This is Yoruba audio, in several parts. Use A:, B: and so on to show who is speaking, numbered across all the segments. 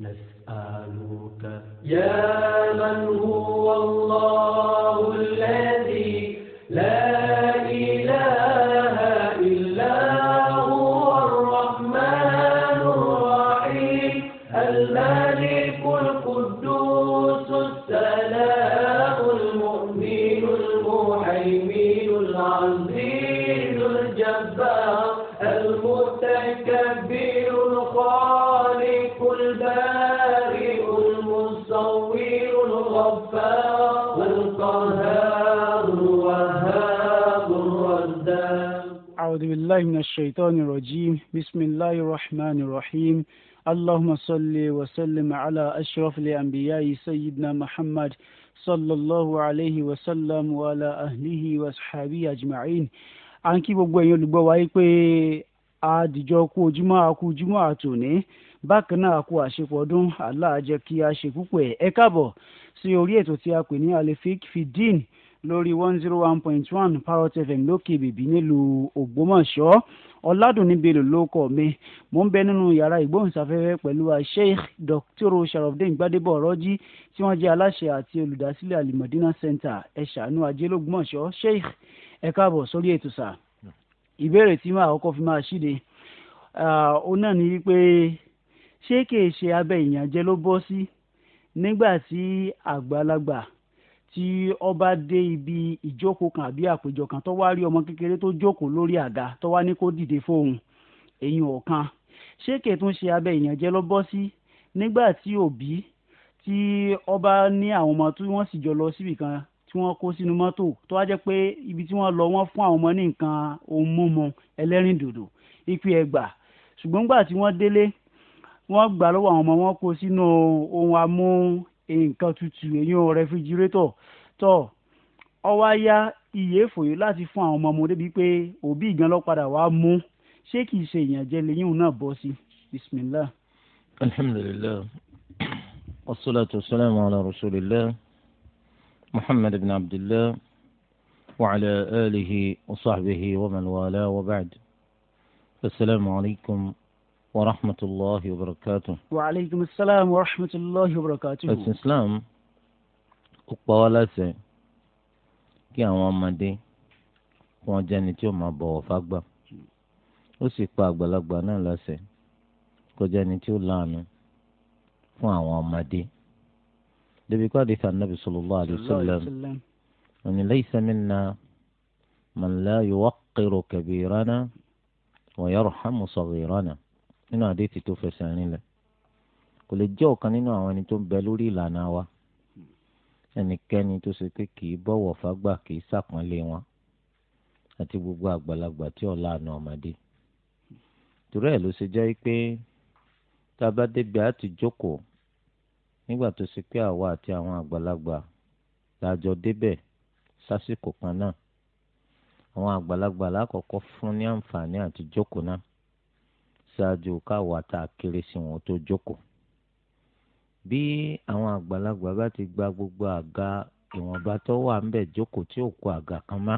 A: نسألك
B: يا من هو الله الذي لا
C: بالله من الشيطان الرجيم بسم الله الرحمن الرحيم اللهم صل وسلم على أشرف الأنبياء سيدنا محمد صلى الله عليه وسلم وعلى أهله وصحبه أجمعين à ń kí gbogbo ẹ̀yin olùgbọ́ wa pé àdìjọ kú ojúmọ́ àkú ojúmọ́ àtòní bákan náà àkú àṣepọ̀ ọdún aláàjẹ kí a ṣe púpọ̀ ẹ̀ káàbọ̀ sí orí ètò tí a pè ní alefik fidin lórí one zero one point one parrot fm lókè bèbí nílùú ògbómọ̀ṣọ́ ọ̀làdùnní bello ló kọ̀ mi mò ń bẹ nínú yàrá ìgbóhùnsáfẹ́fẹ́ pẹ̀lú sheikh dr sharafdin gbadebo ọ̀rọ́jì tí wọ́n jẹ́ aláṣẹ àti olùdásílẹ̀ alimọ̀dínà center ẹ̀ṣánú ajé lógbómọ̀ṣọ́ sheikh ẹ káàbọ̀ sórí ètò sà ìbéèrè tí màá kọ́kọ́ fi máa ṣíde ó náà ní pé ṣé kèé ṣe abẹ ìyànjẹ ló bọ́ sí nígbà tí àgbàlagbà tí ọba dé ibi ìjókòó kan àbí àpéjọ kan tó wá rí ọmọ kékeré tó jókòó lórí àga tó wá ní kó dìde fóun èyí ọ̀kan ṣé kẹtùn ṣe abẹ ìyànjẹ lọ bọ́ sí nígbà tí òbí tí ọba ní àwọn ọmọ tí wọ́n sì jọ lọ síbì kan tí wọ́n kó sínú mọ́tò tó wá jẹ́ pé ibi tí wọ́n lọ wọ́n fún àwọn ọmọ ní nǹkan ohun mímu ẹlẹ́rìndòdò ìpè ẹ̀gbà ṣùgbọ́n nígbà tí wọ́n délé wọ́n gbà lọ́wọ́ àwọn ọmọ wọn kó sínú ohun amú nǹkan tutù èyàn rẹfrigirétọ̀ tọ̀ ọwọ́ ayá iye fòye láti fún àwọn ọmọ ọmọ débi pé òbí ìgan lọ́padà wàá mú ṣé kìí ṣe ìyànjẹ lẹ́yìn náà bọ́ sí bismillah.
D: alhamdulilayi wasalaatu wasalaamu ala rasulillah muhammad ibn abdillah wa ala alihi wa sahbihi wa man wa ba'd asalaamu alaykum. ورحمة الله وبركاته
C: وعليكم السلام ورحمة الله وبركاته
D: السلام أقبال سي كي أنا ما دي كون جانيتي وما بوا فاقبا وسي فاقبا لقبا نالا سي كون جانيتي ولانا كون أنا ما دي دي بيكوا دي النبي صلى الله عليه وسلم أن ليس منا من لا يوقر كبيرنا ويرحم صغيرنا nínú àdéhìtì tó fẹsẹ̀ rinlẹ̀ kò lè jẹ́ ọ̀kan nínú àwọn ẹni tó ń bẹ lórí ìlànà wa ẹnikẹ́ni tó ṣe pé kì í bọ̀wọ̀ fágbà kì í ṣàpọ́nlé wọn àti gbogbo àgbàlagbà tí ọ̀la àna ọ̀mọ̀dé torí ẹ̀ ló ṣe jẹ́ pé tá a bá débi àti jókòó nígbà tó ṣe pé àwa àti àwọn àgbàlagbà lájọ débẹ̀ sásìkò kan náà àwọn àgbàlagbà lákọ̀ọ́kọ́ fún ní àǹfààní àti jókòó náà ṣáájú káwa tá a kéré sí wọn tó jókòó bí àwọn àgbàlagbà bá ti gba gbogbo àga ìwọ̀nba tó wà ńbẹ̀ jókòó tí ò kó àga kan má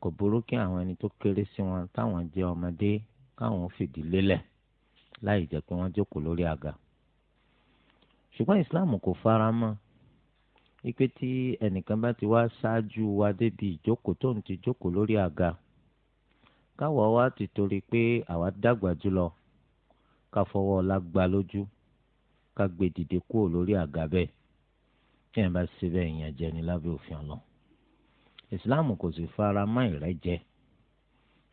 D: kò burú kí àwọn ẹni tó kéré sí wọn táwọn jẹ́ ọmọdé káwọn fìdí lélẹ̀ láì jẹ́ pé wọ́n jókòó lórí àga ṣùgbọ́n ìsìláàmù kò fara mọ́ ipe tí ẹnìkan bá ti wá ṣáájú wa débi ìjókòó tó ń ti jókòó lórí àga káwa wa ti torí pé àwa dàgbà jùlọ ká fọwọ́ ọlá gba lójú ká gbé dìde kúrò lórí àga bẹ́ẹ̀ tí ẹ̀ bá ṣe bẹ́ẹ̀ yẹn jẹ ní lábẹ́ òfin ọ̀nà islam kò sì fara mọ́ ìrẹ́jẹ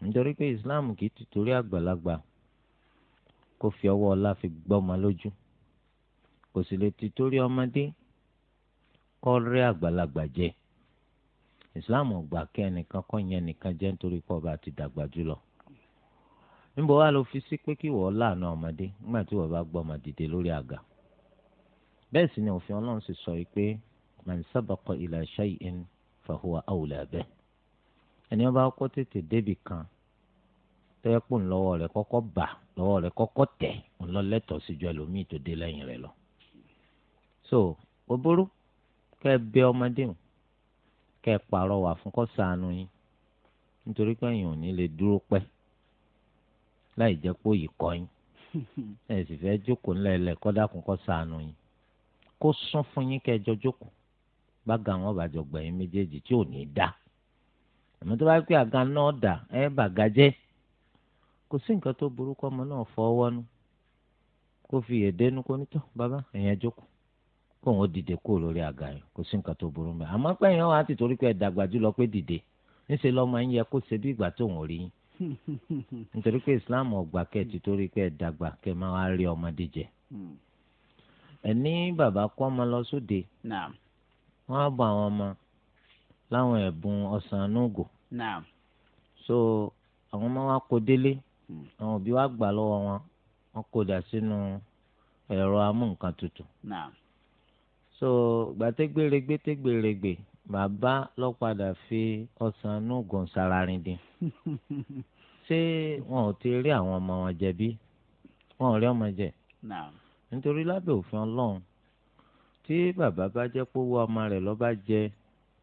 D: nítorí pé islam kì í ti torí àgbàlagbà kó fi ọwọ́ ọlá fi gbọ́mọ lójú kò sì lè ti torí ọmọdé kọ́ rẹ́ àgbàlagbà jẹ islam ọgbà kẹ́ ẹnìkan kọ́ yẹn nìkan jẹ́ nítorí pọ̀ bá ti dàgbà jùlọ. níbo wá ló fi sí pé kí wọ́n láàánú ọmọdé nígbà tí wọ́n bá gbọ́ ọmọ dìde lórí àga. bẹ́ẹ̀ sì ni òfin ọlọ́run sì sọ pé man sabaqa ila shay'in fahuwa awla bih. ẹni wọn bá kọ́ tètè débì kan tẹ́ẹ̀pù ńlọ́wọ́ rẹ̀ kọ́kọ́ bà lọ́wọ́ rẹ̀ kọ́kọ́ tẹ̀ ńlọ́lẹ́tọ̀ọ́ síjọ ẹlòmíì tó dé lẹ́yìn rẹ̀ lọ. so òbúrú kẹ́ ẹ bẹ ọmọdé hùn e ẹ pààrọ̀ wà fún kó ṣàánú yín nítorí pé èèyàn ò ní lè dúró pẹ láì jẹ́ pé òyì kọ́ yín ẹ sì fẹ́ jókòó ńlẹ̀ lẹ̀ kọ dákun kó ṣàánú yín kó sún fún yín jọ jókòó bága wọn méjèèjì tí ò ní dá tó bá àga náà dà ẹ kò sí nǹkan tó burú ọmọ náà nu kó fi kó wọn dìde kó lórí àga yẹn kò sí nǹkan tó burú mẹ àmọ́ pé yẹn á ti torí pé ẹdàgbà jùlọ pé dìde níṣẹ lọ máa ń yẹ kó ṣe bí ìgbà tó wọn rí yín nítorí pé islam ọgbà kẹ ti torí pé ẹdàgbà kẹ máa wá rí ọmọdé jẹ hmm. bàbá ọmọ lọ wọ́n á bọ àwọn ọmọ láwọn so àwọn ọmọ wa kó délé hmm. àwọn òbí so gbàtẹ́gbèrègbè tẹ́gbèrègbè bàbá ló padà fi ọ̀sán inú gùn sára rìn dín ṣé wọn ò ti rí àwọn ọmọ wọn jẹ̀bi wọn ò rí ọmọ jẹ nítorí lábẹ́ òfin ọlọ́run tí bàbá bá jẹ́ pówó ọmọ rẹ̀ ló bá jẹ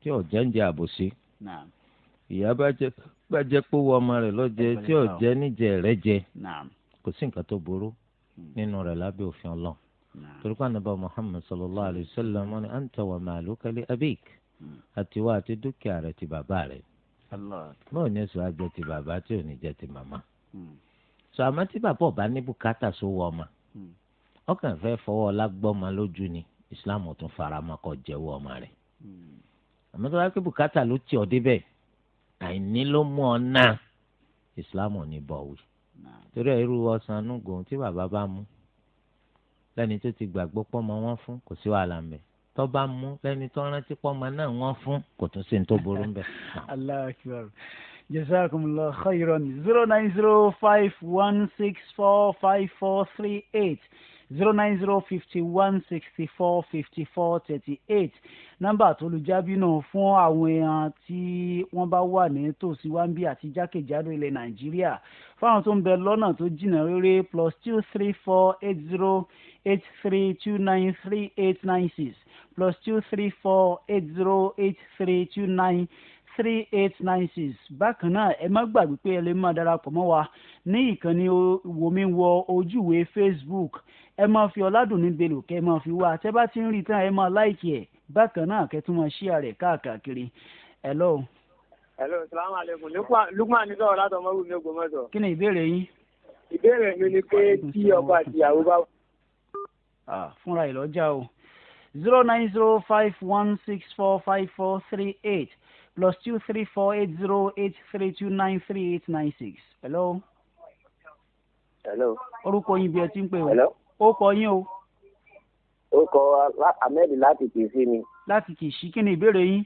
D: tí ọ̀jẹ̀ ń jẹ àbòsí ìyá bá jẹ bá jẹ pówó ọmọ rẹ̀ ló jẹ tí ọ̀jẹ̀ níjẹ rẹ̀ jẹ kò sí nǹkan tó burú hmm. nínú rẹ̀ lábẹ́ òfin ọlọ́run torí pé ànábà muhammed sallallahu alayhi wa sallam wọn ni anta wa maluka li abik àti hmm. wá àti dúkìá rẹ ti bàbá rẹ báwo ni èso àjẹ ti bàbá tí ò ní jẹ ti màmá hmm. sọ àmọ́ tí bàbá ọba ní bùkátà sówó ọmọ hmm. ọkàn fẹ́ fọwọ́ lágbọ́mọ lójú ni islam tún fara mọ́ kó jẹ́wọ́ ọmọ rẹ̀ àmọ́ tó bá pé bùkátà ló tì ọ́ débẹ̀ àìní ló mú ọ náà islam ò ní bọ̀ wí torí ẹ̀ irú ọsàn nùgò tí bàbá bá mú. Mm lẹ́ni tó ti gbàgbọ́ pọ́mọ wọn fún kò sí wàhálà ń bẹ̀ tó bá mú lẹ́ni tó rántí pọ́mọ
C: náà wọ́n fún
D: kò tún sí ní tó burú ń bẹ̀.
C: Allahu akbar jazakumullahu khairan zero nine zero five one six four five four three eight zero nine zero fifty one sixty four fifty four thirty eight nọ́mbà tó lu jábí náà fún àwọn èèyàn tí wọ́n bá wà ní tòsí wáńbí àti jákèjádò ilẹ̀ nàìjíríà fáwọn tó ń bẹ lọ́nà tó jìnnà rere plus two three four eight zero eight three two nine three eight nine six plus two three four eight zero eight three two nine three eight nine six bákan náà ẹ má gbàgbé pé ẹ lè máa darapọ̀ mọ́ wa ní ìkànnì wòmíwọ ojúwe Facebook ẹ máa fi ọ̀làdùnní belò kẹ́ ẹ máa fi wá tẹ́ bá ti ń rí tán ẹ máa láìkì ẹ̀ bákan náà kẹ́ tún máa ṣí ààrẹ káàkiri ẹ lọ́wọ́.
B: hello salamu aleykum lukman ní sọ̀rọ̀ látọ̀
E: mọ́wù ní Ògbómọ̀ṣọ́. kí
C: ni ìbéèrè yín.
E: ìbéèrè mi ni pé tí ọkọ àti ìyàwó bá.
C: fúnra ìlọ́jà o zero nine zero five one six four five four three eight plus two three four eight zero eight three two nine three eight nine six. hello. hello. orúkọ yín bí ẹ ti ń pè o. hello ó kọ
E: yín o. ó kọ ahmed láti kìsí ni.
C: láti kìsí kí ni ìbéèrè
E: yín.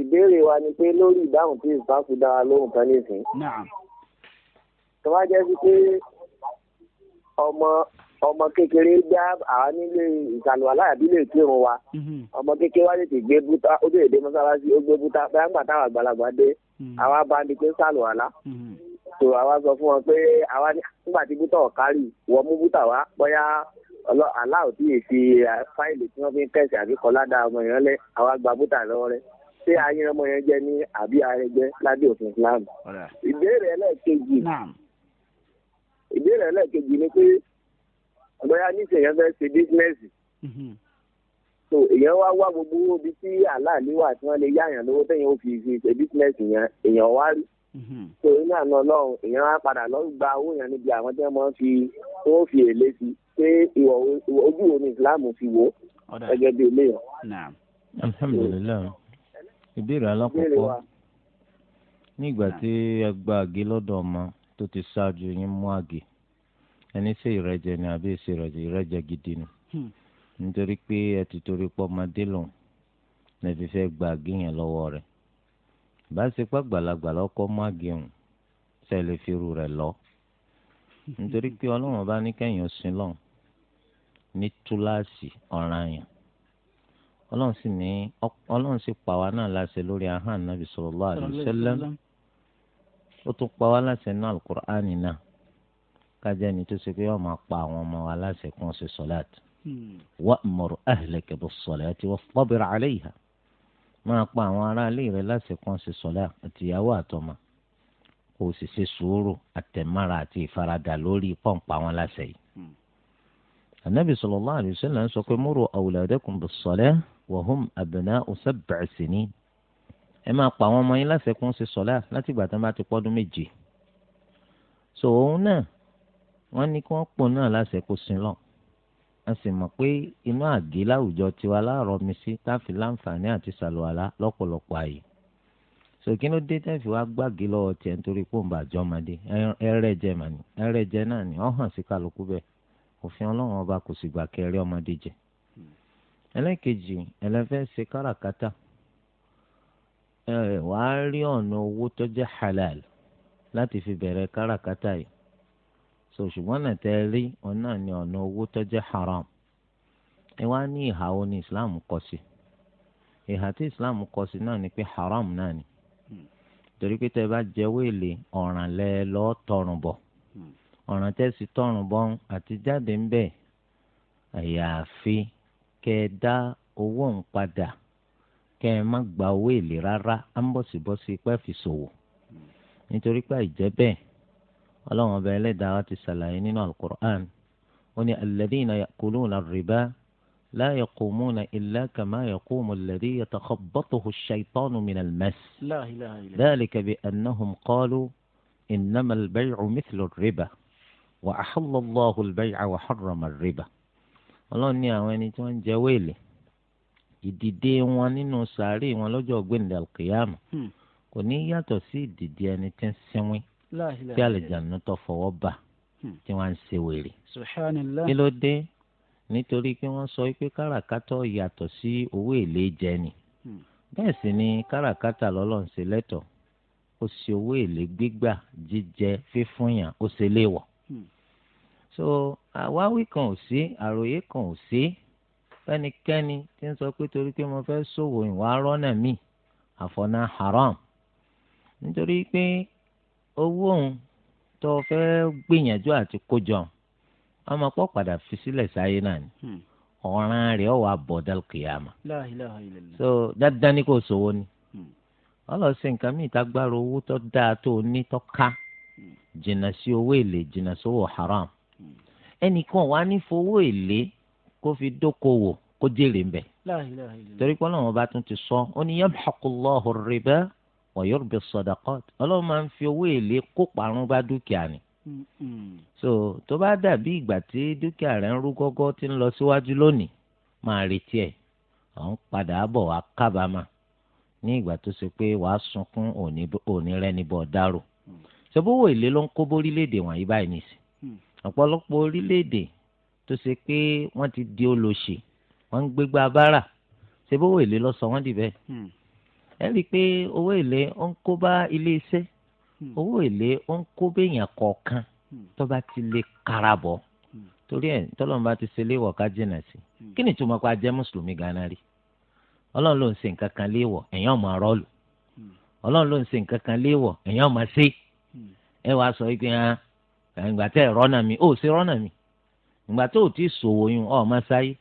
E: ìbéèrè wa ni pé lórí ìdáhùn tí islam fi dá wa lóhùn kan nísìnyí. tó bá jẹ́ sí pé ọmọ ọmọ kékeré já àwọn nílé ìsàlùwàlá àbílẹ̀ ìkírun wa mhm. ọmọ kékeré wa tètè gbé búta ó bèrè dé mọ́sálásí ó gbé búta báyà ń gbà táwọn àgbàlagbà dé mhm. àwọn abáńdí pé sàlùwàlá. Mhm so àwa sọ fún wọn pé àwa nígbà tí bútà ọ̀kárì wọ́n mú bútà wá bóyá aláwọ̀ tí èsì fáìlì tí wọ́n fi ń kẹ̀sì àbí kọ́ ládàá ọmọ yẹn lẹ àwa gba bútà lọ́wọ́ rẹ ṣé ayín ọmọ yẹn jẹ ní àbí arẹgbẹ lábẹ́ òfin Islam ìbéèrè ẹlẹ́ẹ̀kejì ìbéèrè ẹlẹ́ẹ̀kejì ni pé bóyá níṣẹ́ yẹn fẹ́ ṣe bísínẹ́sì mhm. so èèyàn wá wá gbogbo ibi tí aláàlú wà tí wọ́n lè yáyàn lówó tẹ̀yìn ó fi ṣe bísínẹ́sì yẹn èèyàn wá rí Mm-hmm. torí náà náà lọ́hùn èèyàn á padà lọ gba owó yẹn níbi àwọn tí fi fi èlé sí pé ojú wo fi wò bí ilé yẹn.
D: alhamdulilayi ìbéèrè alákọ̀ọ́kọ́ nígbà tí ẹ gba àgé ti ṣáájú yín mú àgé ẹni ṣe ìrẹ́jẹ ni àbí ṣe ìrẹ́jẹ ìrẹ́jẹ gidi ni hmm. nítorí pé ẹ ti gba àgé yẹn lọ́wọ́ rẹ̀ bá ṣe pé àgbàlagbà lọkọ mágẹun ṣe lè fi irú lọ nítorí pé ọlọ́run bá ní kẹ́yìn ọ̀sìn lọ́n ní túláàsì ọ̀ranyàn ọlọ́run sì ní ọlọ́run sì pa wá náà láṣẹ lórí ahọ́n ànábì sallallahu alaihi pa wá ọmọ wa láṣẹ kí wọ́n ṣe sọ́láàtì hmm. wa'mur máa pa àwọn aráalé rẹ láti kan ṣe sọlá àtìyàwó àtọmọ kò sì ṣe sùúrù àtẹmára àti ìfaradà lórí pọ̀npá wọn láṣẹ yìí. anabi hmm. sallallahu alaihi wasallam sọ pé muru awladakum bis-sala wa hum abna'u sab'i sinin ẹ máa pa àwọn ọmọ yín láṣẹ ṣe sọlá láti ìgbà tí wọn bá ti pọ́dún méje. sọ òun náà wọn ní kí wọn pò náà láṣẹ kó a sì mọ̀ pé inú àgé láwùjọ tiwa láàárọ̀ mi sí táfi láǹfààní àti sàlùwàlá lọ́pọ̀lọpọ̀ àyè sòkí ló dé tẹ́fì wá gbàgé lọ́wọ́ tiẹ̀ nítorí pò ń bà ọmọdé ẹrẹ́ jẹ mà ní ẹrẹ́ jẹ náà ní ọ̀hàn sí kálukú bẹ́ẹ̀ òfin ọlọ́run ọba kò sì gbà kẹrẹ́ ọmọdé jẹ. ẹlẹ́kejì ẹlẹ́fẹ́ ṣe káràkátà ẹ wàá rí ọ̀nà owó tó jẹ́ halal láti fi bẹ̀rẹ̀ káràkátà yìí so ṣùgbọ́n náà tẹ́ ẹ rí òun náà ni ọ̀nà owó tó jẹ́ haram ẹ wá ní ìhà wo ni islam kọ sí ìhà tí islam kọ sí náà ni pé haram náà ni torí pé tẹ́ ẹ bá jẹ́wọ́ èlé ọ̀ràn lẹ lọ́ tọrùn bọ̀ ọ̀ràn tẹ́ sí tọrùn bọ́ àti jáde ń bẹ̀ àyàfi kẹ́ ẹ dá owó ń padà kẹ́ ẹ má gba owó èlé rárá á ń bọ̀sibọ́sí pẹ́ fi ṣòwò nítorí pé àìjẹ́ bẹ́ẹ̀ ọlọ́run ọba ẹlẹ́dàá wa ti ṣàlàyé nínú alukur'an ó ní alladhina ya'kuluna ar-riba la yaqumuna illa kama yaqumu alladhi yatakhabbathu ash-shaytanu min al-mas dhalika bi annahum qalu innama al-bay'u mithlu ar-riba wa ahalla Allahu al-bay'a wa harrama ar-riba ọlọ́run ní àwọn ẹni tí wọ́n ń jẹ wéèlì ìdìde wọn nínú sàárè wọn lọ́jọ́ ọ̀gbìn dàlùkìyàmù kò ní yàtọ̀ sí ìdìde ẹni tí ń sinwin
C: tí àlejànú
D: tó fọwọ́ bà hmm. tí wọ́n ń ṣe wèrè. kí ló dé nítorí pé wọ́n sọ pé káràkátà yàtọ̀ sí owó èlé jẹ ni hmm. bẹ́ẹ̀ sì ni káràkátà lọ́lọ́run lẹ́tọ̀ ó ṣe owó èlé gbígbà jíjẹ fífúnyàn ó ṣe léèwọ̀. Hmm. so àwáwí kan ò sí àròyé kan ò sí fẹ́nikẹ́ni tí ń sọ pé torí pé mo fẹ́ ṣòwò ìwà rọ́nà mi àfọ̀nà haram nítorí pé owó òun tó fẹ́ gbìyànjú àti kójọ ọmọ pọ̀ padà fi sílẹ̀ sáyé náà ni hmm. ọ̀ràn rẹ̀ ọ̀ wà bọ̀ dálkìyàmà so dandan ni kò sówó ni hmm. ọlọ́sẹ̀ nǹkan mìíràn tágbára owó tó dáa tó ní tó ká hmm. jìnnà sí owó èlé jìnnà sówó haram ẹnìkan wà ní fowó èlé kó fi dókòwò kó jèrè ń bẹ̀ torí pé bá tún ti sọ ó ní yamhaqullahu riba wọ̀nyọ́rùbí sọ̀dọ̀kọ́t ọlọ́run máa ń fi owó èlé kó parun bá dúkìá ni. so tó bá dàbí ìgbà tí dúkìá rẹ̀ ń rú gọ́gọ́ tí ń lọ síwájú lónìí máa retí ẹ̀ ọ̀hún padà bọ̀ wá kábàámà ní ìgbà tó ṣe pé wàá sunkún òní rẹ́ni bọ̀ dárò. Mm. ṣòbówó èlé ló ń kó bórílẹ̀-èdè wọ̀nyí báyìí nìsí. Mm. ọ̀pọ̀lọpọ̀ orílẹ̀-èdè tó ṣe pé wọ́n ti di olóṣè wọ́n ń gbégbá bára ṣòbówó èlé ló sọ wọ́n dì bẹ́ẹ̀. Mm. ẹ rí pé owó èlé ó ń kó bá ilé iṣẹ́ hmm. owó èlé ó ń kó béèyàn kọ̀ọ̀kan hmm. tó bá ti lè karabọ̀ hmm. torí ẹ̀ tọ́lọ́run bá ti ṣe léèwọ̀ ká jìnnà sí i kí ni ìtumọ̀ pa jẹ́ mùsùlùmí gánà rí ọlọ́run ló ń ṣe nǹkan kan léèwọ̀ èèyàn máa rọ́ọ̀lù ọlọ́run ló ń ṣe nǹkan kan léèwọ̀ èèyàn máa ṣe ẹ wàá sọ pé ah, ìgbà tẹ́ ẹ̀ rọ́nà mi ó ṣe rọ́nà mi ìgbà tó o ti ṣòwò yun ọ̀ máa ṣáyé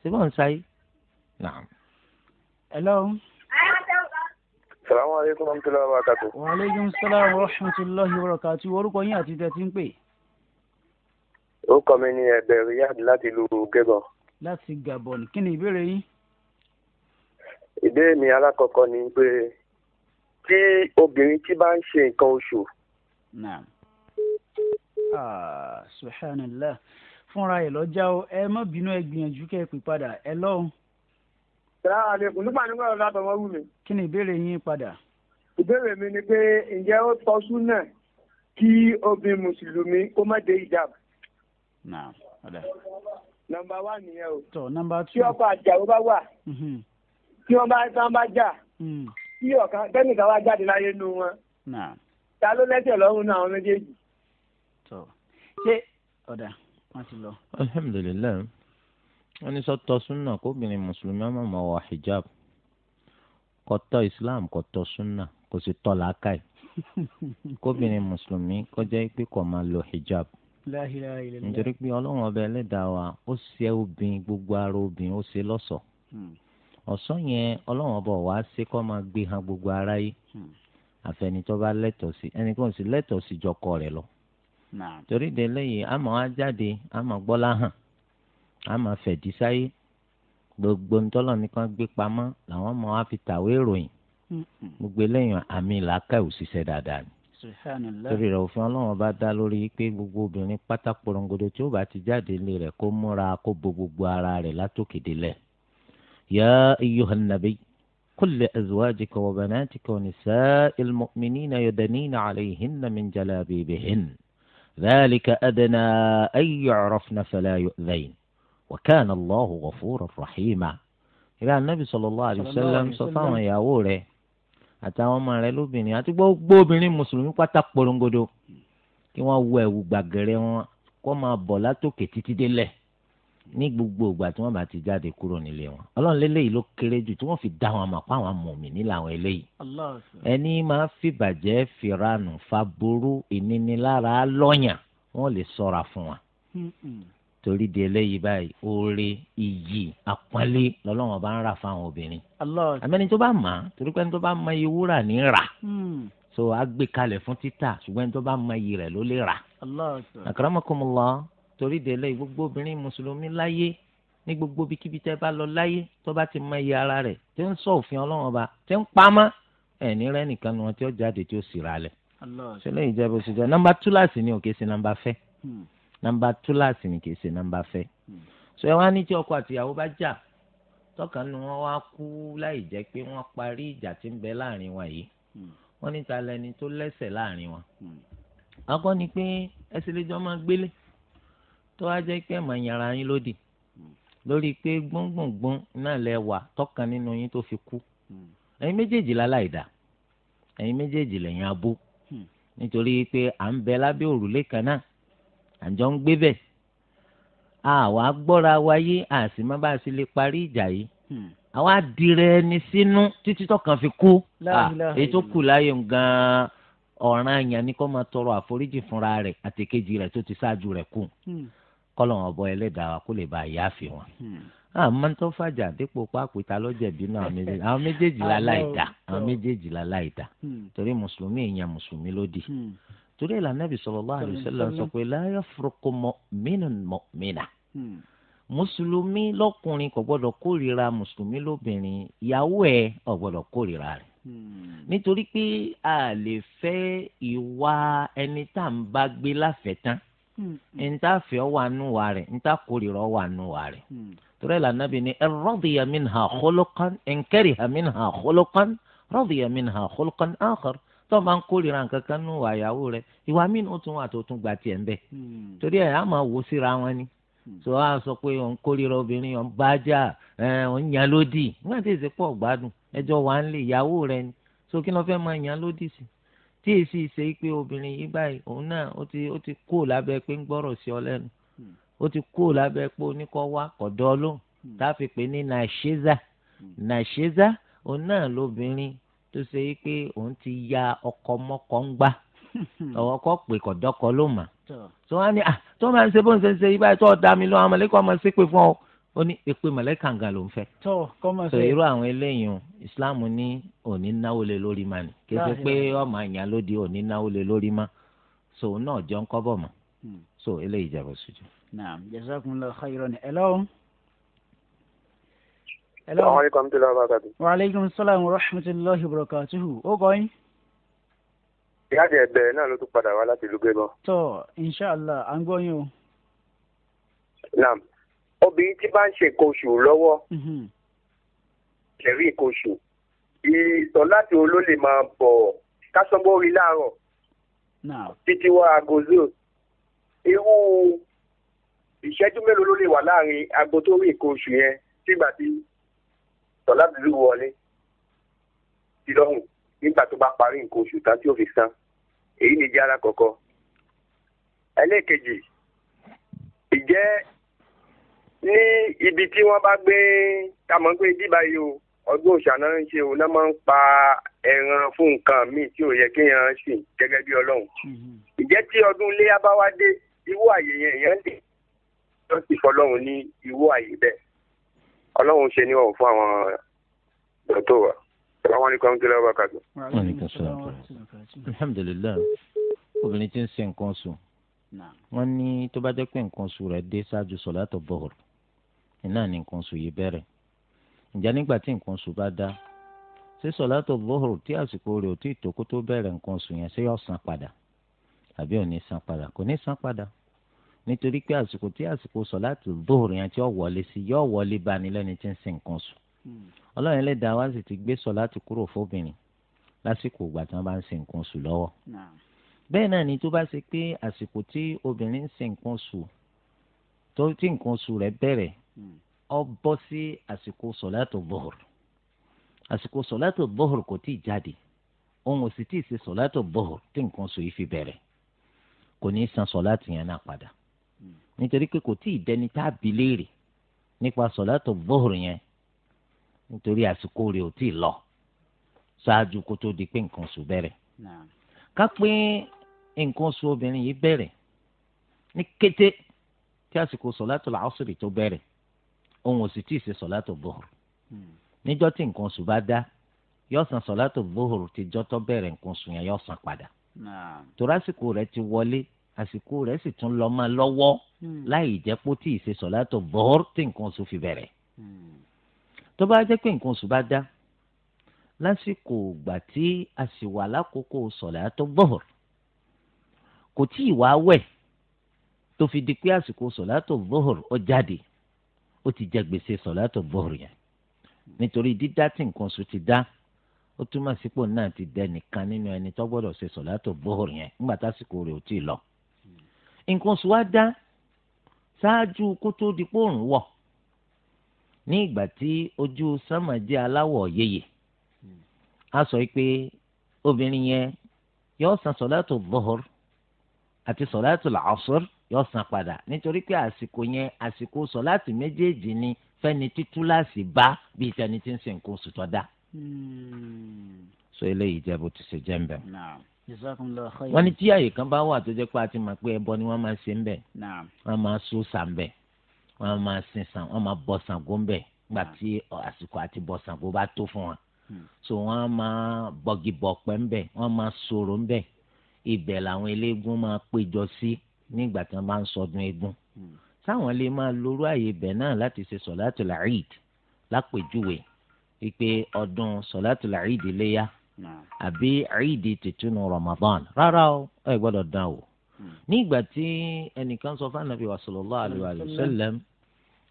D: ṣé bọ́ọ̀ ń ṣáyé.
E: hello. salamu aleykum wa rahmatulahi wa barakatu. wa aleykum salaam wa rahmatulahi wa
C: barakatu orúkọ yín àti tẹ̀ tí ń pè.
E: ó kọ́ mi ní ẹ̀bẹ̀ riyad láti lu gabon.
C: láti gabon kí ni ìbéèrè yín.
E: ìbéèrè mi alákọ̀ọ́kọ́ ni pé tí obìnrin tí bá ń ṣe nǹkan oṣù.
C: ah subhanallah fúnra ẹ̀ lọ́jà ẹ má bínú ẹ gbìyànjú kẹ́ ẹ pè padà ẹ lọ́hùn sàlámù aleykum nípa nípa ọ̀rọ̀ látọ̀ wọ́n wù mí. kí ni ìbéèrè yín padà.
E: ìbéèrè mi ni pé ǹjẹ́ ó tọ́ súnà kí obìnrin mùsùlùmí kó má dé ìjà. náà ọ̀dà. nọ́mbà wà nìyẹn o. tọ nọ́mbà tù. tí ọkọ àjàwó bá wà. Mm-hmm. tí wọ́n bá tán bá jà. Mm. tí ọ̀kan tẹ́nìkan wá jáde láyé nu wọn. ta ló lẹ́sẹ̀ lọ́rùn náà àwọn méjèèjì. tọ ṣé
C: ọ̀dà wọ́n ti lọ. alhamdulilayi.
D: wọ́n ní sọ́tọ̀ súnà kóbìnrin mùsùlùmí ọmọ ọmọ wọ hijab kọtọ islam kọtọ súnà kò sì tọ́ làákàyè kóbìnrin mùsùlùmí kọjá pé kò máa lo hijab nítorí pé ọlọ́run ọba ẹlẹ́dàá wa ó ṣe obìnrin gbogbo ara obìnrin ó ṣe lọ́ṣọ̀ọ́ hmm. ọ̀ṣọ́ yẹn ọlọ́run ọba wa ṣe kó máa gbé han gbogbo ara yìí hmm. àfẹnitọ́ bá lẹ́tọ̀ọ́ sí ẹnìkan sì lẹ́tọ̀ọ́ sí jọkọ rẹ̀ lọ torí de lẹ́yìn àmọ́ á jáde àmọ́ gbọ́lá hàn a máa fẹ̀dí sáyé gbogbo ntọ́lọ̀ nìkan gbé pamọ́ làwọn máa wá fi tàwé ìròyìn gbogbo eléyìn àmì làákàyè òṣìṣẹ́ dáadáa ni torí rẹ̀ òfin Ọlọ́run bá dá lórí pé gbogbo obìnrin pátá porongodo tí ó bá ti jáde ilé rẹ̀ kó múra kó bo gbogbo ara rẹ̀ látòkèdè lẹ̀ yá iyuhan nabi kulli azwajika wa banatika wa nisa'il mu'minina yudanina alayhinna min jalabibihin dhalika adna ay yu'rafna fala yu'dhayn wa kana Allahu ghafuran rahima ìrẹ́ anabi sallallahu alaihi wasallam sọ fáwọn ìyàwó rẹ̀ àtàwọn ọmọ rẹ̀ lóbìnrin àti gbogbo obìnrin mùsùlùmí pátá porongodo kí wọ́n wọ ẹ̀wù gbàgẹ̀rẹ̀ wọn kó máa bọ̀ látòkè títí délẹ̀ ní gbogbo ìgbà tí wọ́n bá ti jáde kúrò nílé wọn ọlọ́run léléyìí ló kéré jù tí wọ́n fi dá wọn mọ̀ pé àwọn mùmínì làwọn eléyìí ẹni máa fi bàjẹ́ fìranù fa burú ìnínilára lọ́yàn wọ́n lè sọ́ra fún wa torí di eléyìí báyìí oore iyì àpọ́nlé lọ́lọ́wọ́n bá ń rà fáwọn obìnrin. àmẹ́ni tó bá mọ̀ á torí pé ẹni tó bá mọ iye wúrà ní rà hmm. so a gbé kalẹ̀ fún títà ṣùgbọ́n ẹni tó bá mọ iye rẹ̀ ló lè rà. àkàràmọ́kùnmọ́lá torí di eléyìí gbogbo obìnrin mùsùlùmí láyé ní gbogbo ibikíbi tẹ́ bá lọ láyé tó bá ti mọ iye ara rẹ̀ tẹ́ ń sọ òfin ọlọ́wọ́n bá tẹ́ ń pamọ́ ẹ̀ ní nìkan ni wọ́n ti ọ́ jáde tí ó sì rà lẹ̀. ṣẹlẹ̀ ìjẹ́bù ṣùgbọ́n nọ́mbà túláàsì ni òkè sí nọ́mbà fẹ́. Hmm. nàmbà túláàsì ni kìí ṣe nàmbà fẹ́ hmm. so ẹ wá ní tí ọkọ àtìyàwó bá jà tọkàn nu wọn wá kú láì jẹ pé wọn parí ìjà tí ń bẹ láàrin wọn yìí hmm. wọ́n ní ta lẹni tó lẹ́sẹ̀ láàrin wa akọ ni pé ẹsẹlẹjọ máa gbélé tó wá jẹ́ pé ẹmọ yàrá yín lódì hmm. lórí pé gbóngbóngbóng náà lẹ wà tọkàn nínú yín tó fi kú ẹ̀yin méjèèjì láláì dá ẹ̀yin méjèèjì lẹ́yìn abó nítorí pé à ń bẹ lábẹ́ òrùlé kan náà àjọ ń gbé bẹ̀ àwa gbọ́ra wáyé àsì má bá a sì lè parí ìjà yìí àwa hmm. dirẹ ẹni sínú títí tọkàn fi kú ah, èyí tó kù láyé gan-an ọ̀ràn àyàn ni kó máa tọrọ àforíjì fúnra rẹ̀ àtẹ̀kejì rẹ̀ tó ti ṣáájú rẹ̀ kù hmm. kọ́lọ́hún ọbọ̀ ẹlẹ́dàá wa kó lè bá a yá fi wọn. àmọ́ hmm. ah, tó fàjà dípò pápítà lọ́jẹ̀bí náà àwọn méjèèjì láláìdá àwọn méjèèjì láláìdá torí mùsùlùmí èèyàn mùsùlùmí ló dì torí ẹ̀ lànàbì sallallahu alaihi wasallam sọ pé la yafruqu mu'minun mu'mina hmm. mùsùlùmí lọ́kùnrin kò gbọ́dọ̀ kórìíra mùsùlùmí lóbìnrin ìyàwó ẹ̀ ò gbọ́dọ̀ kórìíra rẹ̀ hmm. nítorí pé a lè fẹ́ ìwà ẹni tá à ń bá gbé láfẹ̀ẹ́ tán hmm. ẹni tá a fẹ́ ọ wà nù wà rẹ̀ ẹni tá a kórìíra ọ wà nù wà rẹ̀ torí ẹ̀ lànàbì ni ẹ radiya minha khuluqan in kariha minha khuluqan radiya minha khuluqan akhar tó máa ń kórìíra nǹkan kan nù àyàwó rẹ ìwà míì ó tún wà tó tún gba tiẹ̀ ń bẹ̀ hmm. torí ẹ̀ á máa wò síra wọn ni tó hmm. a sọ pé òun kórìíra obìnrin òun bá jà òun yàn lódì nígbà tí èsì pọ̀ gbádùn ẹjọ́ wà ń lè ìyàwó rẹ ni so kí ló fẹ́ máa yàn lódì sí tí èsì ṣe pé obìnrin yìí báyìí òun náà ó ti ó ti kó lábẹ́ pé ń gbọ́rọ̀ sí ọ lẹ́nu hmm. ó ti kó lábẹ́ pé oníkọ́ wá kọ̀dọ́ lóhùn tá fi pè ní nàṣẹ́zà nàṣẹ́zà òun náà lóbìnrin tó ṣe é pé òun ti ya ọkọ mọ́kọ ń gbá hmm. ọwọ́ kọ́ pé kọ̀dọ́kọ ló mà tó wá ní à tó máa ń ṣe bó ń ṣe ń ṣe yí báyìí tó ọ̀dà mi lọ àwọn mọ̀lẹ́kọ̀ ọmọ sí pé fún ọ ó ní èpè mọ̀lẹ́kàǹgà ló ń fẹ́.
C: tó kọ́mọ sí. irú
D: àwọn eléyìí Islam ní òní náwó lé lórí ma ni kí ṣe pé ọmọ àyàn ló di òní náwó lé lórí ma so náà jọ ń kọ́ bọ̀ mọ́ hmm. so eléyìí jẹ́ bó ṣojú.
C: naam jazakumullahu khairan ni ẹ lọ́wọ́ hello. salaamaleykum tí waaleykum salaam wa rahmatulahi wa barakatuhu ó kọ́
E: ìyáàdì ẹ̀bẹ̀ náà ló tún padà wá láti ìlú gbẹ́bọ̀.
C: tọ́ inshàlá à ń gbọ́ yín o.
E: naam obìnrin tí bá ń ṣe nǹkan oṣù lọ́wọ́ mhm. kẹ̀rí nǹkan oṣù ìtọ̀ láti olólè máa bọ̀ kásánbó láàárọ̀ títí wá aago irú ìṣẹ́jú mélòó ló lè wà láàrin aago nǹkan oṣù yẹn sígbà tí tọ́lá bìlú wọlé sí lọ́hùn nígbà tó bá parí nǹkan oṣù tán tí ó fi san èyí ni jára kọ̀kọ́. ẹlẹ́ẹ̀kejì ìjẹ́ ní ibi tí wọ́n bá gbé tamọ̀ pé bíbá yìí o ọdún òṣàná ń ṣe òun náà máa ń pa ẹran fún nǹkan míì tí ò yẹ kéèyàn sìn gẹ́gẹ́ bí ọlọ́run. ìjẹ́ tí ọdún iléyà bá wá dé irú àyè yẹn èèyàn lè lọ sí fọlọ́run ní irú àyè bẹ́ẹ̀ ọlọ́run ṣe níwọ̀n fún àwọn dọ́tò wa sàlámù alaykum tí lọ́wọ́ kàdó.
D: alhamdulilayi obìnrin tí ń ṣe nǹkan oṣù wọn ní tó bá jẹ́ pé nǹkan oṣù rẹ̀ dé ṣáájú sọ̀látọ̀ bọ̀ọ̀rù iná ní nǹkan oṣù yìí bẹ̀rẹ̀ ǹjẹ́ nígbà tí nǹkan oṣù bá dá ṣé sọ̀látọ̀ bọ̀ọ̀rù tí àsìkò rẹ̀ ò tí ì tó kó tó bẹ̀rẹ̀ nǹkan oṣù yẹn ṣé yóò san padà àbí ò ní san padà kò ní san padà nítorí pé àsìkò tí àsìkò sọ̀láàtì dóòrè yẹn tí ó wọlé sí yóò wọlé bani lẹ́ni tí ń sin nǹkan sùn hmm. ọlọ́run ẹlẹ́dàá wá sì ti gbé sọ̀láàtì kúrò fóbìnrin lásìkò ìgbà tí wọ́n bá ń sin nǹkan sùn lọ́wọ́ bẹ́ẹ̀ náà ni tó bá ṣe pé àsìkò tí obìnrin ń sin nǹkan sùn tó tí nǹkan sùn rẹ̀ bẹ̀rẹ̀ hmm. ó bọ́ sí àsìkò sọ̀láàtì dóòrè àsìkò sọ̀láàtì dóòrè kò tíì jáde òun ò sì tíì ṣe sọ̀láàtì dóòrè tí nǹkan sùn yìí fi bẹ̀rẹ̀ kò ní í san sọ̀láàtì yẹn náà padà nítorí pé kò tíì dẹni tá a bi léèrè nípa sọ̀látò bóòrù yẹn nítorí àsìkò rẹ̀ ò tíì lọ ṣáájú kó tó di pé nǹkan oṣù bẹ̀rẹ̀ ká pé nǹkan oṣù obìnrin yìí bẹ̀rẹ̀ ní kété tí àsìkò sọ̀látò làásùrì tó bẹ̀rẹ̀ òun ò sì tíì ṣe sọ̀látò bóòrù hmm. níjọ́ tí nǹkan oṣù bá dá yóò san sọ̀látò bóòrù tíjọ́ tó bẹ̀rẹ̀ nǹkan oṣù yẹn yóò san padà torásìkò rẹ̀ ti wọlé àsìkò rẹ̀ sì tún lọ máa lọ́wọ́ hmm. láì jẹ́ pé ó tí ì ṣe sọ̀látò bọ́ọ̀rù tí nǹkan oṣù fi bẹ̀rẹ̀ hmm. tó bá jẹ́ pé nǹkan oṣù bá dá lásìkò ìgbà tí a sì wà lákòókò sọ̀látò bọ́ọ̀rù kò tí ì wá wẹ̀ tó fi di pé àsìkò sọ̀látò bọ́ọ̀rù ó jáde ó ti jẹ gbèsè sọ̀látò bọ́ọ̀rù yẹn hmm. nítorí dídá tí nǹkan oṣù ti dá ó túmọ̀ sípò náà ti dẹnìkan nínú ẹni tó gbọ́dọ̀ ṣe sọ̀látò bọ́ọ̀rù yẹn nígbà tásìkò rẹ̀ ò tí ì lọ nǹkan oṣù wa dá ṣáájú kó tó di póòrùn wọ̀ ní ìgbà tí ojú sánmà jẹ́ aláwọ̀ yeye a sọ pé obìnrin yẹn yóò san sọ̀láàtù dhuhr àti sọ̀láàtù làásùr yóò san padà nítorí pé àsìkò yẹn àsìkò sọ̀láàtù méjèèjì ni fẹ́ni títú láàsì bá bíi tẹni tí ń sìnkú sùtọ́ dá.
C: Hmm.
D: so eléyìí jẹ́ bó ti ṣe jẹ́ ń bẹ̀
C: wọ́n ní
D: tí àyè kan bá wà tó jẹ́ pé a ti mọ̀ pé ẹbọ ni wọ́n máa ṣe ń bẹ̀ wọ́n máa so sàn bẹ̀ wọ́n máa sin sàn wọ́n máa bọ Ṣàngó ń bẹ̀ gbà tí àsìkò àti bọ Ṣàngó bá tó fún wọn hmm. so wọ́n máa bọgi bọ̀pẹ̀ ń bẹ̀ wọ́n máa sọ̀rọ̀ ń bẹ̀ ibẹ̀ làwọn eléégún máa péjọ sí nígbà tí wọ́n bá ń sọdún eégún hmm. sáwọn lè máa lóru àyè ibẹ̀ náà láti ṣe sọ̀látùl àbí ìdí tìtúnu Ramadan rárá o ẹ gbọ́dọ̀ dán o nígbà tí ẹnìkan sọ fún anabi sallallahu alaihi wasallam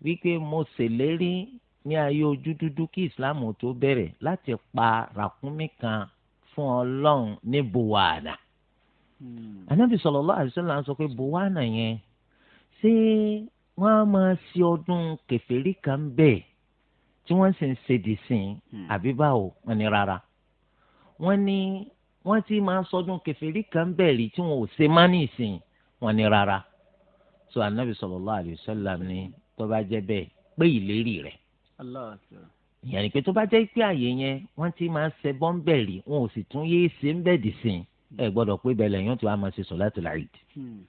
D: wípé mo ṣèlérí ní ayé ojú dúdú kí ìsìláàmù tó bẹ̀rẹ̀ láti pa ràkúnmí kan fún ọlọ́run ní buwana anabi hmm. sallallahu alaihi wasallam sọ pé buwana yẹn ṣé wọ́n á máa ṣe ọdún kèfèrí kan bẹ́ẹ̀ tí wọ́n sì ń ṣèdìsìn hmm. àbí báwo wọ́n ní rárá wọ́n ní wọ́n ti máa ń sọdún kẹfìrí kan bẹ̀rì tí wọn ò ṣe má ní ìsìn wọn ni rárá so anabi sallallahu alayhi wa ni tó bá jẹ́ bẹ́ẹ̀ pé ìlérí rẹ̀ ìyẹn ni pé tó bá jẹ́ pé àyè yẹn wọ́n ti máa ń ṣe bọ́ńbẹ̀rì wọn ò sì tún yéé ṣe ń bẹ̀dì sìn ẹ gbọ́dọ̀ pé bẹ̀lẹ̀ yẹn tí wàá máa ṣe solatul Eid hmm.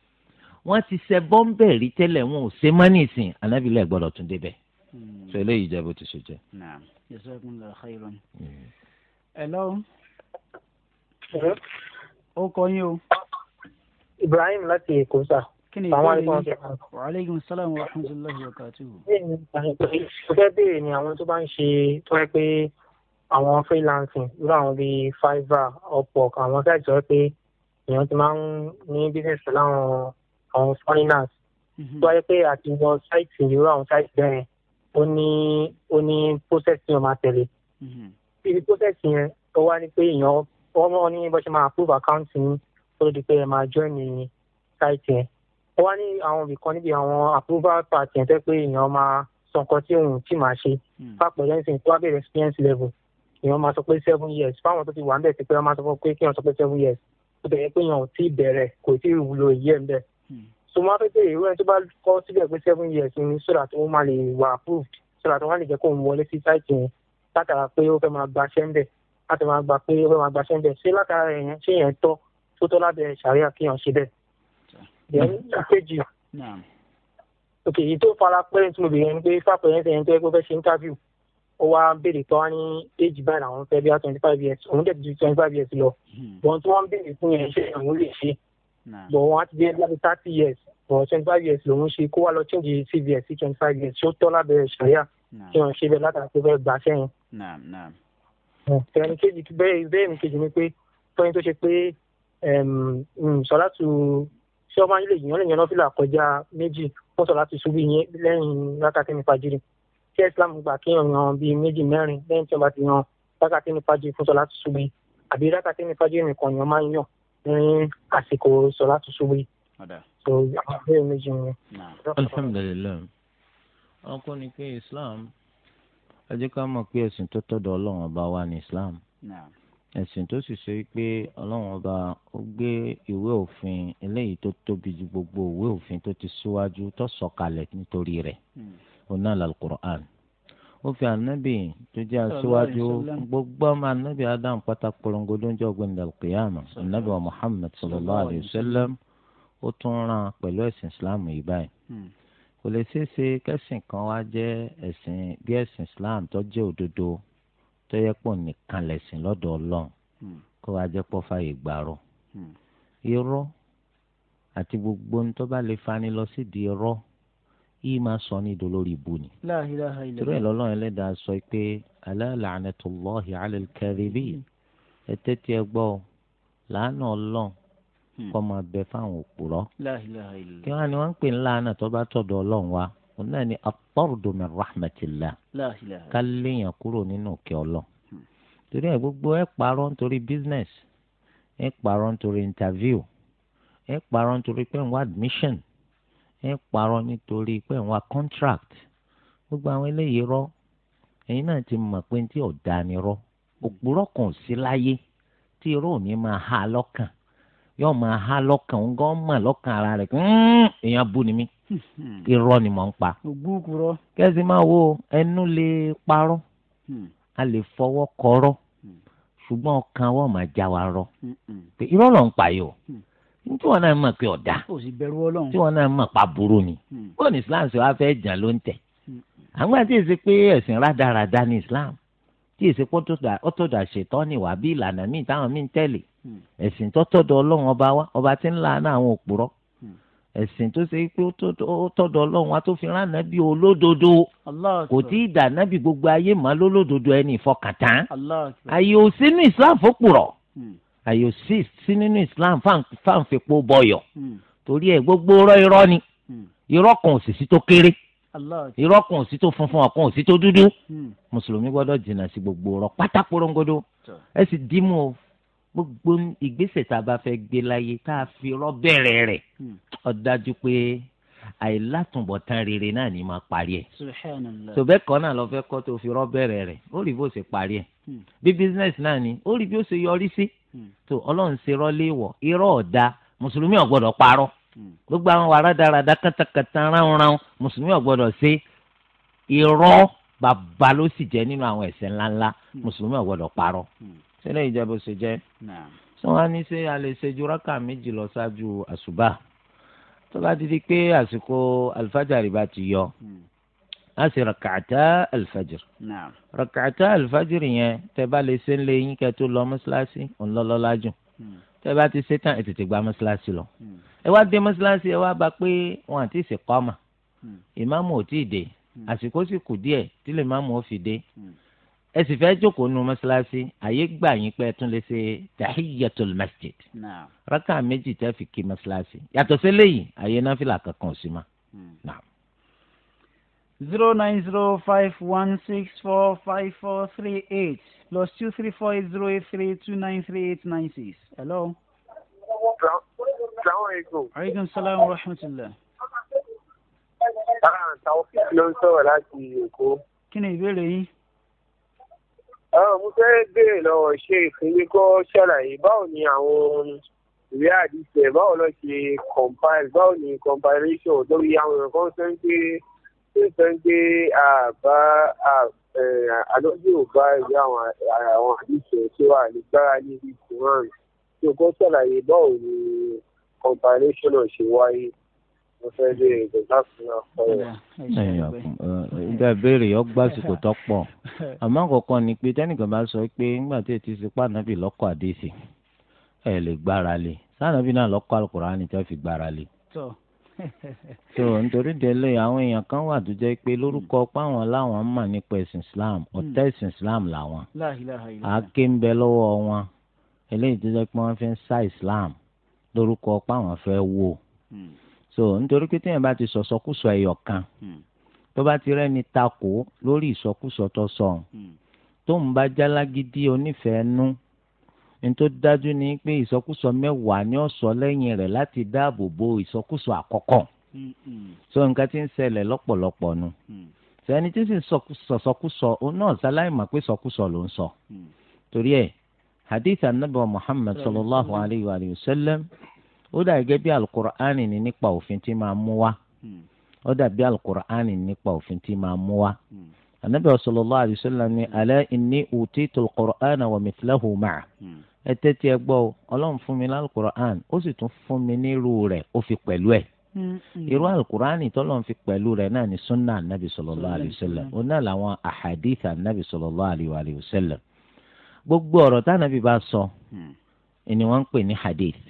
D: wọ́n ti ṣe bọ́ńbẹ̀rì tẹ́lẹ̀ wọn ò ṣe má ní ìsìn anabi lẹ̀ gbọ́dọ̀ tún débẹ̀ hmm. so eléyìí jẹ́ bó ti ṣe jẹ́. naam
C: jazakumullahu hmm.
B: hello ó kọ yín o. Ibrahim láti Èkó sá. kí ni ìbéèrè yín wa salaam wa rahmatulahi wa barakatuhu. mo fẹ́ béèrè ni àwọn tó bá ń ṣe tó yẹ pé àwọn freelancing irú àwọn bíi Fiverr Upwork àwọn fẹ́ẹ̀ jọ pé èèyàn ti máa ń ní business pẹ̀lú àwọn àwọn foreigners mhm. tó wáyé pé àti wọ sáìtì irú àwọn sáìtì bẹ́ẹ̀ ó ní ó ní process tí wọ́n máa tẹ̀lé. Mhm. ibi process yẹn ó wá ní pé èèyàn wọ́n wọ́n ní bó máa approve accounting, yín tó di pé ẹ máa join ní site yẹn wọ́n wá ní àwọn ibìkan níbi àwọn approval part yẹn tẹ́ pé èèyàn máa sọ nǹkan tí òun tí màá ṣe fàpọ̀ lẹ́yìn sìn tó bẹ̀rẹ̀ experience level èèyàn máa sọ pé seven years fáwọn tó ti wà ń bẹ̀ ti pé wọ́n máa sọ pé kí wọ́n sọ pé seven years ó bẹ̀rẹ̀ pé èèyàn ò tí ì bẹ̀rẹ̀ kò tí ì wúlò èyí ẹ̀ ń bẹ̀ so wọ́n á fẹ́ pé ìwé ẹni tó bá kọ́ síbẹ̀ pé seven years ni so that ó máa lè wà approved so that wọ́n á lè jẹ́ kó òun wọlé sí site yẹn látara pé ó fẹ́ máa gbaṣẹ́ ń bẹ̀ láti máa gbà pé ó fẹ́ máa gbà sẹ́ńdẹ̀ ṣé látara ẹ̀yẹn ṣé yẹn tọ́ tó tọ́ lábẹ́ ṣàríà kí yàn ṣe bẹ́ẹ̀. ìyẹn kejì òkè yìí tó fara pẹ́rẹ́ǹtì mo bèèrè ni pé fápẹ́rẹ́ǹtì ẹni tó yẹ interview ó wá béèrè tó wá ní éjì twenty five years òun dẹ̀ ti twenty five years lọ wọn hmm. tí wọ́n béèrè fún yẹn ṣé òun lè ṣe bọ̀ wọn á thirty years bọ̀ twenty five years lòun ṣe kó wá lọ change cvs sí twenty five years ṣó tọ́ lábẹ́ ṣàríà kí wọ́n ṣe bẹ́ẹ̀ látàkùn fẹ́ gbà sẹ́yìn ìrànì kejì bẹ́ẹ̀ bẹ́ẹ̀ kejì ni pé tọ́yìn tó ṣe pé mm, sọ̀látù ṣé ọmọ ayé lè yàn lè yàn nọ́fìlà kọjá méjì fún sọ̀látù ṣubú yẹn lẹ́yìn rákàtí nípa jírí kí islam gbà kí yàn yàn bíi méjì mẹ́rin lẹ́yìn tí wọ́n bá ti yàn rákàtí nípa jírí fún sọ̀látù ṣubú yìí àbí rákàtí nípa jírí nìkan yàn máa ń yàn ní àsìkò sọ̀látù ṣubú yìí. so àwọn bẹ́ẹ̀ méjì yẹn.
D: alhamdulilayi
C: ọkùnrin pé islam
D: ẹ jẹ́ ká mọ̀ pé ẹ̀sìn tó tọ̀dọ̀ ọlọ́run ọba wa ní islam ẹ̀sìn tó sì ṣe pé ọlọ́run ọba ó gbé ìwé òfin eléyìí tó tóbi ju gbogbo ìwé òfin tó ti síwájú tó sọ̀kalẹ̀ nítorí rẹ̀ ọ̀nà hmm. al-Qur'an ó fi ànábì tó jẹ́ aṣíwájú gbogbo ọmọ ànábì adam pátá polongo ló ń jẹ́ ọgbẹ́ni al-qiyama ànábì wa muhammad sallallahu alayhi wa sallam ó tún ràn pẹ̀lú ẹ̀sìn islam yìí báyìí. Hmm kò lè ṣeé ṣe kẹ́sìn kan wá jẹ́ ẹ̀sìn bí ẹ̀sìn islam tó jẹ́ òdodo tó yẹ pọ̀ nìkan lẹ̀sìn lọ́dọ̀ ọlọ́run hmm. kó wá jẹ́ pọ̀ fàyè gbàrọ̀ hmm. irọ́ àti gbogbo ohun tó bá lè fani lọ sídìí irọ́ yìí máa sọ ní ìdó lórí ibu ni. torí ẹ̀ lọ́lọ́run sọ pé ala la'natullahi 'ala al-kadhibin hmm. ẹ tẹ́tí ẹ gbọ́ làánà ọlọ́run Hmm. kọ́ máa bẹ fáwọn òpùrọ́. kí wọ́n á ní wọ́n ń pè ńlá náà tó bá tọ̀dọ̀ ọlọ́run wa òun náà ni at-tardu min rahmatillah ká léèyàn kúrò nínú òkè ọlọ́ hmm. torí ẹ gbogbo ẹ parọ́ nítorí business ẹ parọ́ nítorí interview ẹ parọ́ nítorí pé ń wá admission ẹ parọ́ nítorí pé ń wá contract gbogbo àwọn eléyìí rọ́ ẹ̀yin náà ti mọ̀ pé ní tí ọ̀dà ni rọ́ hmm. òpùrọ́ kan ò sí láyé tí irọ́ ò máa há lọ́kàn yóò máa há lọ́kàn òun gan mọ̀ lọ́kàn ara rẹ̀ hmm, èèyàn bú ni mí hmm. irọ́ ni mò ń pa. kẹ́sì máa wo ẹnu lè parọ́ hmm. a lè fọwọ́ kọ́rọ́ ṣùgbọ́n ọkàn wọ́n máa já wa rọ irọ́ ló pa yìí o tí wọn náà mọ̀ pé ọ̀dà tí wọn náà mọ̀ pa burú ni bó ní Islam ṣe wá fẹ́ jàn ló ń tẹ̀ àwọn àti èsì pé ẹ̀sìn rádaràda ní Islam tí èsì pé ó tó dà ṣètọ́ ni wà bí ìlànà míì táwọn míì tẹ̀lé Hmm. ẹ̀sìn tó tọ̀dọ̀ ọlọ́run ọba wa ọba tí ń lànà àwọn òpùrọ́ hmm. ẹ̀sìn tó ṣe pé ó tọ̀dọ̀ ọlọ́run wa tó fi rán ànábì olódodo kò tí ì dà ànábì gbogbo ayé màá lólódodo ẹni ìfọkàntán àyè ò sí ní islam fòpùrọ̀ àyè ò sí nínú islam fáǹfẹ̀pọ̀ hmm. bọ̀yọ̀ torí ẹ̀ gbogbo irọ́ irọ́ ni irọ́ kan ò sì sí tó kéré irọ́ kan ò sí tó funfun ọ̀kan ò sí tó dúdú mùsùlùmí gbọ́dọ̀ jìnnà sí gbogbo ọ̀rọ̀ pátákóróńgodo gbogbo ìgbésẹ̀ tá a bá fẹ́ gbé láyé tá a fi rọ́bẹ̀rẹ̀ rẹ̀ hmm. ó dájú pé àìlátùnbọ̀tán rere náà ni máa parí ẹ̀. tòbẹ́ kan náà lọ fẹ́ kọ́ tó fi rọ́bẹ̀rẹ̀ rẹ̀ ó rí bó ṣe parí ẹ̀. Hmm. bí bísínẹ́sì náà ni ó rí bí ó ṣe yọrí sí. tó hmm. ọlọ́run ṣe rọ́lé ìwọ̀ irọ́ ọ̀dà mùsùlùmí ò gbọ́dọ̀ parọ́. gbogbo àwọn wàrà dáradá kàtàkàtà ránranran mùsùlùmí ò gbọ́dọ̀ ṣe irọ́ bàbá ló sì jẹ́ nínú àwọn ẹ̀ṣẹ̀ ńláńlá mùsùlùmí ò parọ́ sílẹ̀ ìjábọ̀ ṣe jẹ́ tí wọ́n á ní ṣe a lè ṣe ju rákà méjì lọ ṣáájú àṣùbà tó bá ti di pé àsìkò alifájàrì bá ti yọ hmm. a sì rakàtà alifájìrì rakàtà alifájìrì yẹn tẹ bá lè ṣe ń lé yín kẹ tó lọ mọ́ṣáláṣí ńlọ́lọ́lá jù hmm. tẹ bá ti ṣe tán ẹ gba mọ́ṣáláṣí lọ hmm. ẹ wá dé mọ́ṣáláṣí ẹ wá bá pé wọn àti ìsìnkọ́ ọmọ ìmáàmù ò tí ì dé àsìkò sì kù díẹ̀ tí lè máàmù ó fi dé ẹ sì fẹ́ jókòó nu mọ́ṣáláṣí àyè gbà yín pé ẹ tún lè ṣe tahiyatul masjid rákà méjì tẹ́ fi kí mọ́ṣáláṣí yàtọ̀ sí léyìí àyè náfìlà kankan sí ma.
C: Hmm. zero nine zero five one six four five four three eight plus two three four eight zero eight three two nine three eight nine six. hello.
E: salaamaleykum. aleykum
C: salaam wa rahmatulah.
E: ara ah, àtàwọn kìlọ̀ ń sọ̀rọ̀ láti èkó.
C: kí ni ìbéèrè yín
E: àwọn mo fẹ́ béèrè lọ́wọ́ ṣé ìpínlẹ̀ kọ́ ṣàlàyé báwo ni àwọn ìwé àdìsẹ̀ báwo lọ ṣe compile báwo ni compilation lórí àwọn èèyàn kan sọ pé ṣé sọ pé àbá àlọ́jì ò bá ìwé àwọn àdìsẹ̀ tó wà nígbára níbi Quran tí o kọ́ ṣàlàyé báwo ni compilation náà ṣe wáyé mo fẹ́ lè èdè láti náà kọ́ ẹ̀. ẹ̀yìn
D: ọ̀kùn nígbà ìbéèrè yọ gbàsìkò tó pọ̀ àmọ́ àkọ́kọ́ ni pé tẹ́nìkan bá sọ pé nígbà tí ètí ti pa ànábì lọ́kọ̀ àdéhìí ẹ̀ lè gbára lé sànàbì náà lọ́kọ̀ àlùkùránì tẹ́ fi gbára lé. so nítorí délé àwọn èèyàn kan wà tó jẹ́ pé lórúkọ páwọn láwọn mà nípa ẹ̀sìn Islam hmm. ọ̀tá ẹ̀sìn Islam làwọn àáké ń bẹ lọ́wọ́ wọn eléyìí tó jẹ́ pé wọ́n fi ń sá Islam lórúkọ páwọn fẹ́ wò. Hmm so nítorí pé téèyàn bá ti sọ̀sọ́kùsọ ẹ̀yọ̀ kan hmm. tó bá ti rẹ́ni takò lórí ìsọkúsọ tó sọ hmm. tó ń bá jálágídí onífẹ̀ẹ́nu ní tó dájú ni pé ìsọkúsọ mẹ́wàá ni ó sọ lẹ́yìn rẹ̀ láti dáàbò bo ìsọkúsọ àkọ́kọ́ hmm, so nǹkan tí ń ṣẹlẹ̀ lọ́pọ̀lọpọ̀ nu sẹ́ni tí sì sọ̀sọ́kúsọ òun náà sáláìmọ̀ pé sọkúsọ ló ń sọ torí ẹ̀ hadith anabi muhammad sallallahu alayhi wa sallam ó dà gẹ́gẹ́ bí alukur'ani ní nípa òfin tí máa mú wa hmm. ó dà bí alukur'ani ní nípa òfin tí máa mú wa. anabi hmm. sallallahu alayhi wa sallam ni ala inni utitu alukur'ana wa mithlahu ma'a hmm. ẹ tẹ́tí ẹ gbọ́ ọlọ́run fún mi lálùkùrán ó sì tún fún mi nírú rẹ̀ ó fi pẹ̀lú ẹ̀ irú alukurani tọ́lọ́n fi pẹ̀lú rẹ̀ náà ni sunna anabi sallallahu alayhi wa sallam òun náà làwọn ahadith anabi sallallahu alayhi wa sallam gbogbo ọ̀rọ̀ tánàbí bá sọ ni wọ́n ń pè ní hadith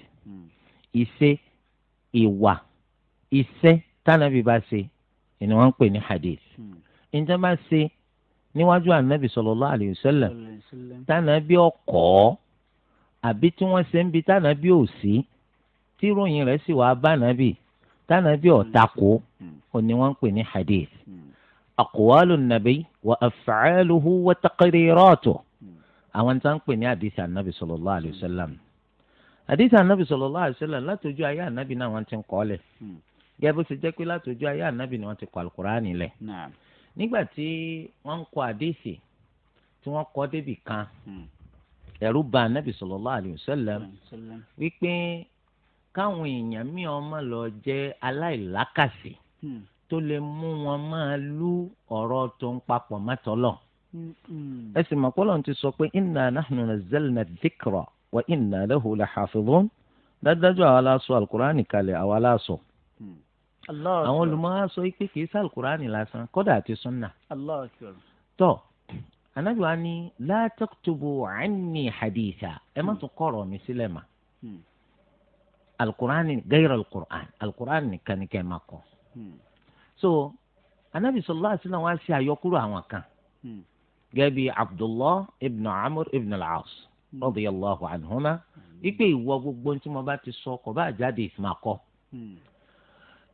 D: ìṣe ìwà ìṣe tánàbí bá ṣe ni wọ́n ń pè ní hadith níta hmm. bá ṣe níwájú ànábì sallallahu alayhi wa sallam tánàbí ọkọ àbí tí wọ́n ṣe ń bi tánàbí ò sí tí ìròyìn rẹ̀ sì wá bá nàbì tánàbí hmm. ni wọ́n ń pè hadith hmm. aqwalu nàbí wa af'aluhu wa taqriratuhu àwọn tí wọ́n ń pè hadith ànábì sallallahu alayhi wa àdìsí ànábì sallallahu alaihi wasallam látọjú ayé ànábì náà wọ́n ti ń kọ́ lẹ̀ hmm. gẹ́gẹ́ bó ṣe jẹ́ pé látọjú ayé ànábì ni wọ́n ti kọ́ alukur'ani lẹ̀ nígbà tí wọ́n ń kọ́ àdìsí tí wọ́n kọ́ débì kan hmm. ẹ̀rù bà ànábì sallallahu alaihi wasallam wípé káwọn èèyàn mi ọmọ lọ jẹ́ aláìlákàsí hmm. tó lè mú wọn máa lú ọ̀rọ̀ tó ń papọ̀ mọ́tọ́lọ̀ ẹ sì mọ̀ pé ti sọ pé inna nahnu nazzalna dhikra wa inna lahu lahafizun dájúdájú àwa la sọ alukurani kalẹ̀ àwa la sọ. Hmm. àwọn olùmọ̀ọ́ sọ pé kì í sá alukurani lásán kódà àti sunna. tọ́ anabi wa ni la taktubu anni haditha ẹ má hmm. tún kọ̀rọ̀ mi sílẹ̀ mà. Hmm. alukurani gayra alukurani alukurani nìkan ni kẹ́ ẹ má kọ. so anabi sallallahu alaihi wasallam wá sí àyọkúrò àwọn kan. gẹ́gẹ́ bí abdullah ibn amr ibn al-aas. Hmm. radiyallahu anhuma hmm. ipe ìwọ gbogbo tí mo bá ti sọ kọ bá jáde ìfìmà kọ. Hmm.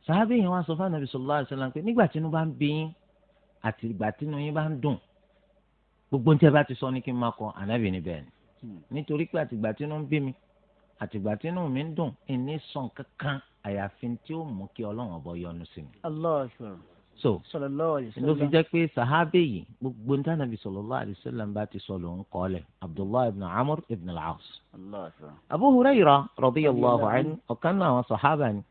D: sàábì yẹn wá sọ fún anabi sallallahu alaihi wasallam pé nígbà tí inú bá ń bí yín àti ìgbà tí inú yín bá ń dùn gbogbo tí ẹ bá ti sọ ní kí n máa kọ anabi ni bẹ́ẹ̀ ni nítorí pé àtìgbà tí inú ń bí mi àtìgbà tí inú mi ń dùn ìní sàn kankan àyàfi tí ó mú kí ọlọ́run ọbọ yọ́nú sí mi so ló fi jẹ́ pé sahabe yìí gbogbo ní tànàbí sallallahu alaihi wasallam bá ti sọ lòun kọ́lẹ̀ abdullahi ibn amr ibn al-aws. abu hurayra radiyallahu anhu ọ̀kan náà àwọn sahaba ni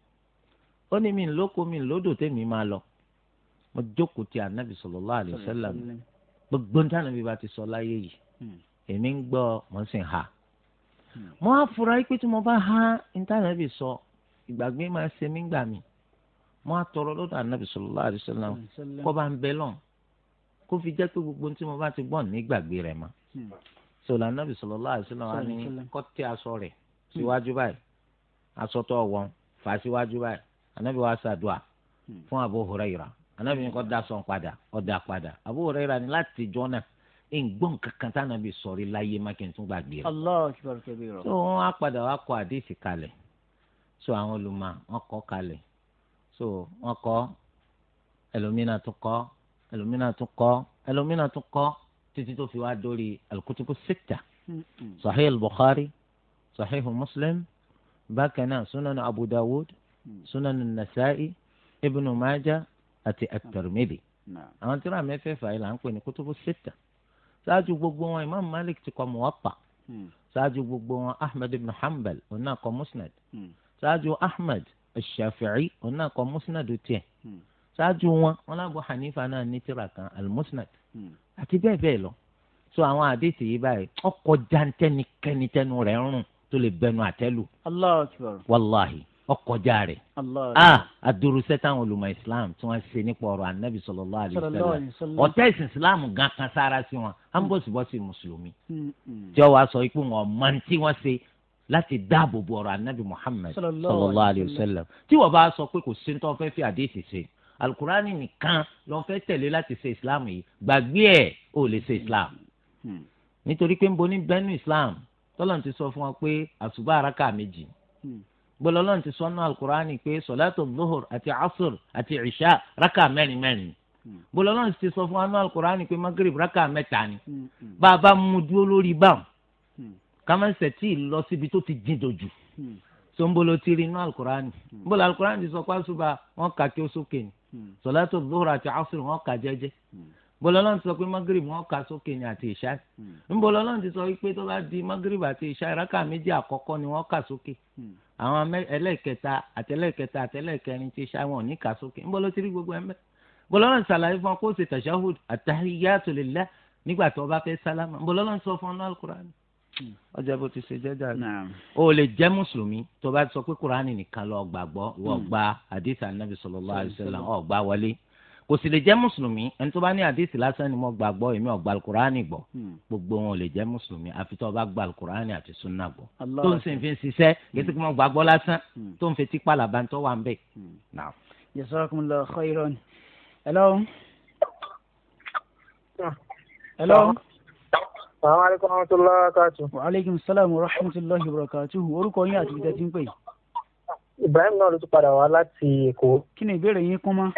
D: ó ní mi lóko mi lódò tèmi máa lọ mo jókòó ti ànábì sallallahu alaihi wasallam gbogbo ní tànàbí bá ti sọ láyé yìí hmm. èmi ń gbọ́ mo sì ha hmm. mo á fura pé tí mo bá ha ní tànàbí sọ ìgbàgbé máa ṣe mí gbà mí mo á tọrọ lọ́dọ̀ anabi sallallahu alaihi wasallam kó bá ń bẹ lọ́n kó fi jẹ́ pé gbogbo tí mo bá ti gbọ́n ní gbàgbé rẹ̀ mọ́ hmm. anabi sallallahu alaihi wasallam á ní kó tẹ aṣọ rẹ̀ hmm. síwájú báyìí aṣọ tó wọ́n fà síwájú báyìí anabi wa ṣàdùà hmm. fún Abu Hurairah anabi ni kó da sọ̀n padà ọ̀dà padà Abu Hurairah ni láti jọ́ náà ngbọ́n kankan tá nàbí sọ̀rí láyé mákìn tún gbàgbé rẹ̀.
C: Allahu akbar kabira. tó
D: wọn á padà wá kọ àdéhìí kalẹ̀ tó àwọn olùmọ̀ wọn kọ kalẹ̀ so wọn kọ ẹlòmínà tún kọ ẹlòmínà tún kọ ẹlòmínà tún kọ títí tó fi wá dórí alukutuku sita sahih al-bukhari sahih muslim bákan náà sunan abu dawud mm. sunan nasa'i ibnu maja àti at-tirmidhi àwọn tíra mẹ́fẹ̀ẹ̀fà yìí là ń pè ní kutubu sita ṣáájú gbogbo wọn imam malik ti kọ muwapa mm. ṣáájú gbogbo wọn ahmed ibn hanbal ọ̀nà kọ musnad mm. ṣáájú ahmed Ash-Shafi'i òun náà kọ musnad tiẹ̀ hmm. ṣáájú wọn wọn lábọ Hanifa náà ní tírà kan al-Musnad hmm. àti bẹ́ẹ̀ bẹ́ẹ̀ lọ so àwọn àdéhìí yìí báyìí ọkọ jantẹnikẹni tẹnu rẹ̀ ń rùn tó lè bẹnu àtẹ́lù wàláhì ọkọjá rẹ a adurusẹ táwọn olùmọ̀ islam tí wọn ṣe nípa ọ̀rọ̀ anabi sallallahu alaihi wasallam ọ̀tẹ̀ ìsìn islam gan sára sí wọn à ń bọ̀sibọ́sì mùsùlùmí hmm, tí wọn wá sọ tí wọn ṣe láti dáàbò bo ọ̀rọ̀ anabi muhammed sallallahu alayhi wa sallam tí wọ́n bá sọ pé kò sí ní tó ń fẹ́ fi àdéhìí ṣe alukurani nìkan ló ń fẹ́ tẹ̀lé láti ṣe islam yìí gbàgbé ẹ̀ ò lè ṣe islam hmm. nítorí pé ń bo ní bẹ́nu islam tọ́lọ́n ti sọ fún wa pé àṣùbà araka méjì gbọ́lọ́lọ́n hmm. ti sọ nínú alukurani pé sọ̀látò zuhur àti asur àti isha raka mẹ́rin mẹ́rin gbọ́lọ́lọ́n hmm. ti sọ fún wa nínú alukurani pé magrib raka mẹ́ta ni bá a dúró lórí báwọn kámẹ́sẹ̀ tí ì lọ síbi tó ti jìn dòjù tó hmm. ń bolo ti rí inú alukurani hmm. ń bolo alukurani ti sọ pé àṣùbà wọn kà kí ó sókè ni hmm. sọlátò lóhùrà àti àṣùrù wọn kà jẹ́jẹ́ bọ́lá ọlọ́run ti sọ pé magrib wọn kà sókè ni àti ìṣá ńbọ́lá ọlọ́run ti sọ pé tó bá di magrib àti ìṣá ìrákà méjì àkọ́kọ́ ni wọ́n kà sókè àwọn ẹlẹ́ẹ̀kẹta àtẹlẹ́ẹ̀kẹta àtẹlẹ́ẹ̀kẹrin ti ṣá wọn ò ní kà sókè ńbọ́lá ti rí gbogbo ẹ̀ mẹ́ bọ́lá ọlọ́run ṣàlàyé fún fún ọ náà al-Qur'an ọjọ́ bó ti ṣe jẹ́jà rẹ̀. o lè jẹ́ mùsùlùmí tó bá sọ pé kúránì nìkan lọ gbàgbọ́ ìwọ hmm. gba àdìsí anabi sallallahu alaihi wasallam ọ̀ gbá wọlé kò sì lè jẹ́ mùsùlùmí ẹni tó bá ní àdìsí lásán ni mo gbàgbọ́ èmi ò gba alukurani gbọ́ hmm. gbogbo wọn ò lè jẹ́ mùsùlùmí àfi tó bá gba alukurani àti sunna gbọ́ tó ń sìn fi ń ṣiṣẹ́ yẹtí kí wọ́n gbàgbọ́ lásán hmm. tó ń fetí pàlàbà
C: tó wà ń bẹ̀. jazakumullahu
B: Assalamu alaikum warahmatullahi wabarakatuh.
C: Wa warahmatullahi wabarakatuh. Orúkọ yín àti ìtẹ́tí ń pè. Ibrahim náà ló tún padà wá láti Èkó. Kí ni ìbéèrè yín kún mọ́?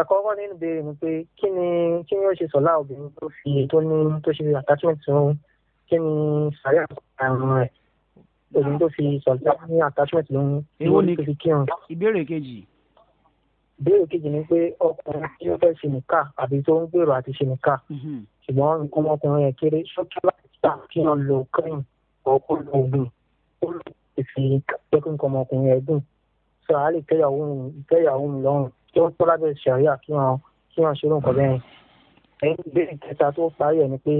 B: àkọ́kọ́ nínú ìbéèrè mi pé kí ni kí ni ó ṣe sọ̀lá obìnrin tó fi tó ní tó ṣe attachment lóhun kí ni sàrí àrùn rẹ̀ obìnrin tó fi sọ̀lá ní attachment lóhun ní ó
C: ìbéèrè kejì
B: béèrè kejì ni pé ọkùnrin tí ó fẹ́ ṣe nìka àbí tó ń gbèrò àti ṣe nìka mm-hmm. ṣùgbọ́n nǹkan ọkùnrin yẹn kéré ṣókí láti gbà kí wọ́n lo kẹ́yìn ọkọ̀ lo oògùn ó lè fi jẹ́ kí nǹkan ọmọkùnrin yẹn dùn sọ àá lè kẹ́yàwó kẹ́yàwó lọ́rùn kí wọ́n tọ́ lábẹ́ ṣàríà kí wọ́n kí wọ́n ṣe nǹkan bẹ́ẹ̀ ẹ̀yìn ìbéèrè kẹta tó parí ẹ̀ ni pé